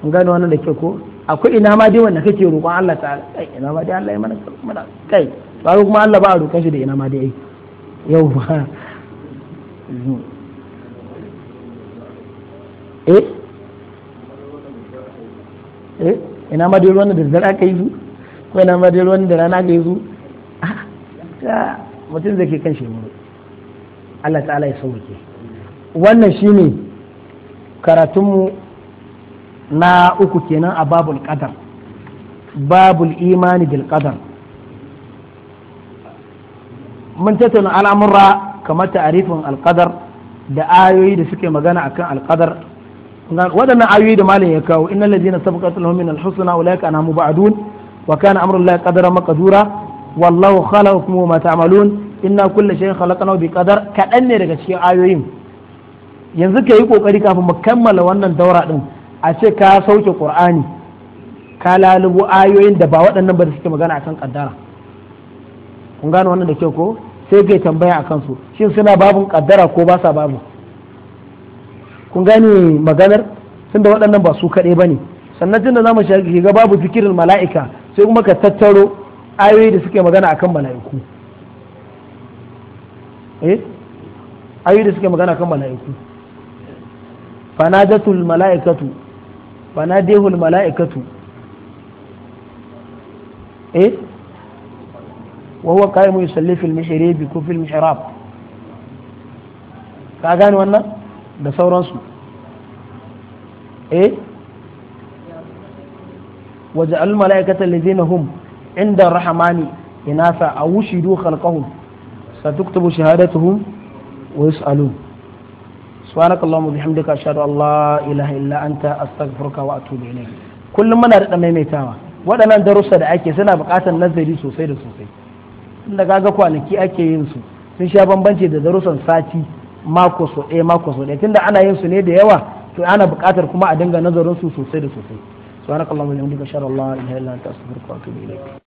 mun gane wannan da ke ko akwai ina ma dai wanda kake roƙon Allah ta kai ina ma dai Allah ya mana mana kai ba kuma Allah ba a roƙon shi da ina ma dai yau ba [LAUGHS] eh eh ina ma dai ruwan da zara kai yi su ko ina ma dai ruwan da rana kai yi su ta [LAUGHS] mutum zai ke kan shi Allah ta'ala ya sauke wannan shine karatunmu na uku kenan a babul qadar babul imani bil qadar mun tattauna al'amura kamar ta'arifin al-qadar da ayoyi da suke magana akan al-qadar waɗannan ayoyi da malam ya kawo innal ladzina sabaqat lahum min al-husna ulaika anhum ba'dun wa kana amru llahi qadaran maqdura wallahu khalaqakum wa ma ta'malun inna kulli shay'in khalaqnahu bi qadar kadan ne daga cikin ayoyin yanzu kai kokari kafin mu kammala wannan daura din a ce ka sauke qur'ani ka lalubu ayoyin da ba waɗannan ba da suke magana akan kaddara kun gane wannan da ke ko sai kai tambaya a kansu shin suna babun kaddara ko ba sa babu kun gane maganar da waɗannan ba su kaɗai ba ne sannan da za mu shiga babu zikirin mala'ika sai kuma ka tattaro ayoyi da suke magana akan mala'iku eh? ayoyi da suke magana akan mala'iku fanajatul mala'ikatu fana dehul mala'ikatu eh wa huwa qa'imu yusalli fil mihrab ko fil mihrab ka gane wannan da sauransu eh وجعل الملائكة الذين هم عند الرحمن إناثا أو شهدوا خلقهم ستكتب شهادتهم ويسألون سبحانك اللهم وبحمدك اشهد ان لا اله الا anta استغفرك واتوب اليك كل kullum muna da maimaitawa waɗannan darussa da ake suna buƙatar nazari sosai da sosai inda kaga kwanaki ake yin su sun sha bambanci da darussan sati mako so ɗaya mako so ɗaya tunda ana yin su ne da yawa to ana buƙatar kuma a dinga nazarin su sosai da sosai subhanakallahumma wa bihamdika ashhadu an la ilaha illa anta astaghfiruka wa atubu ilayk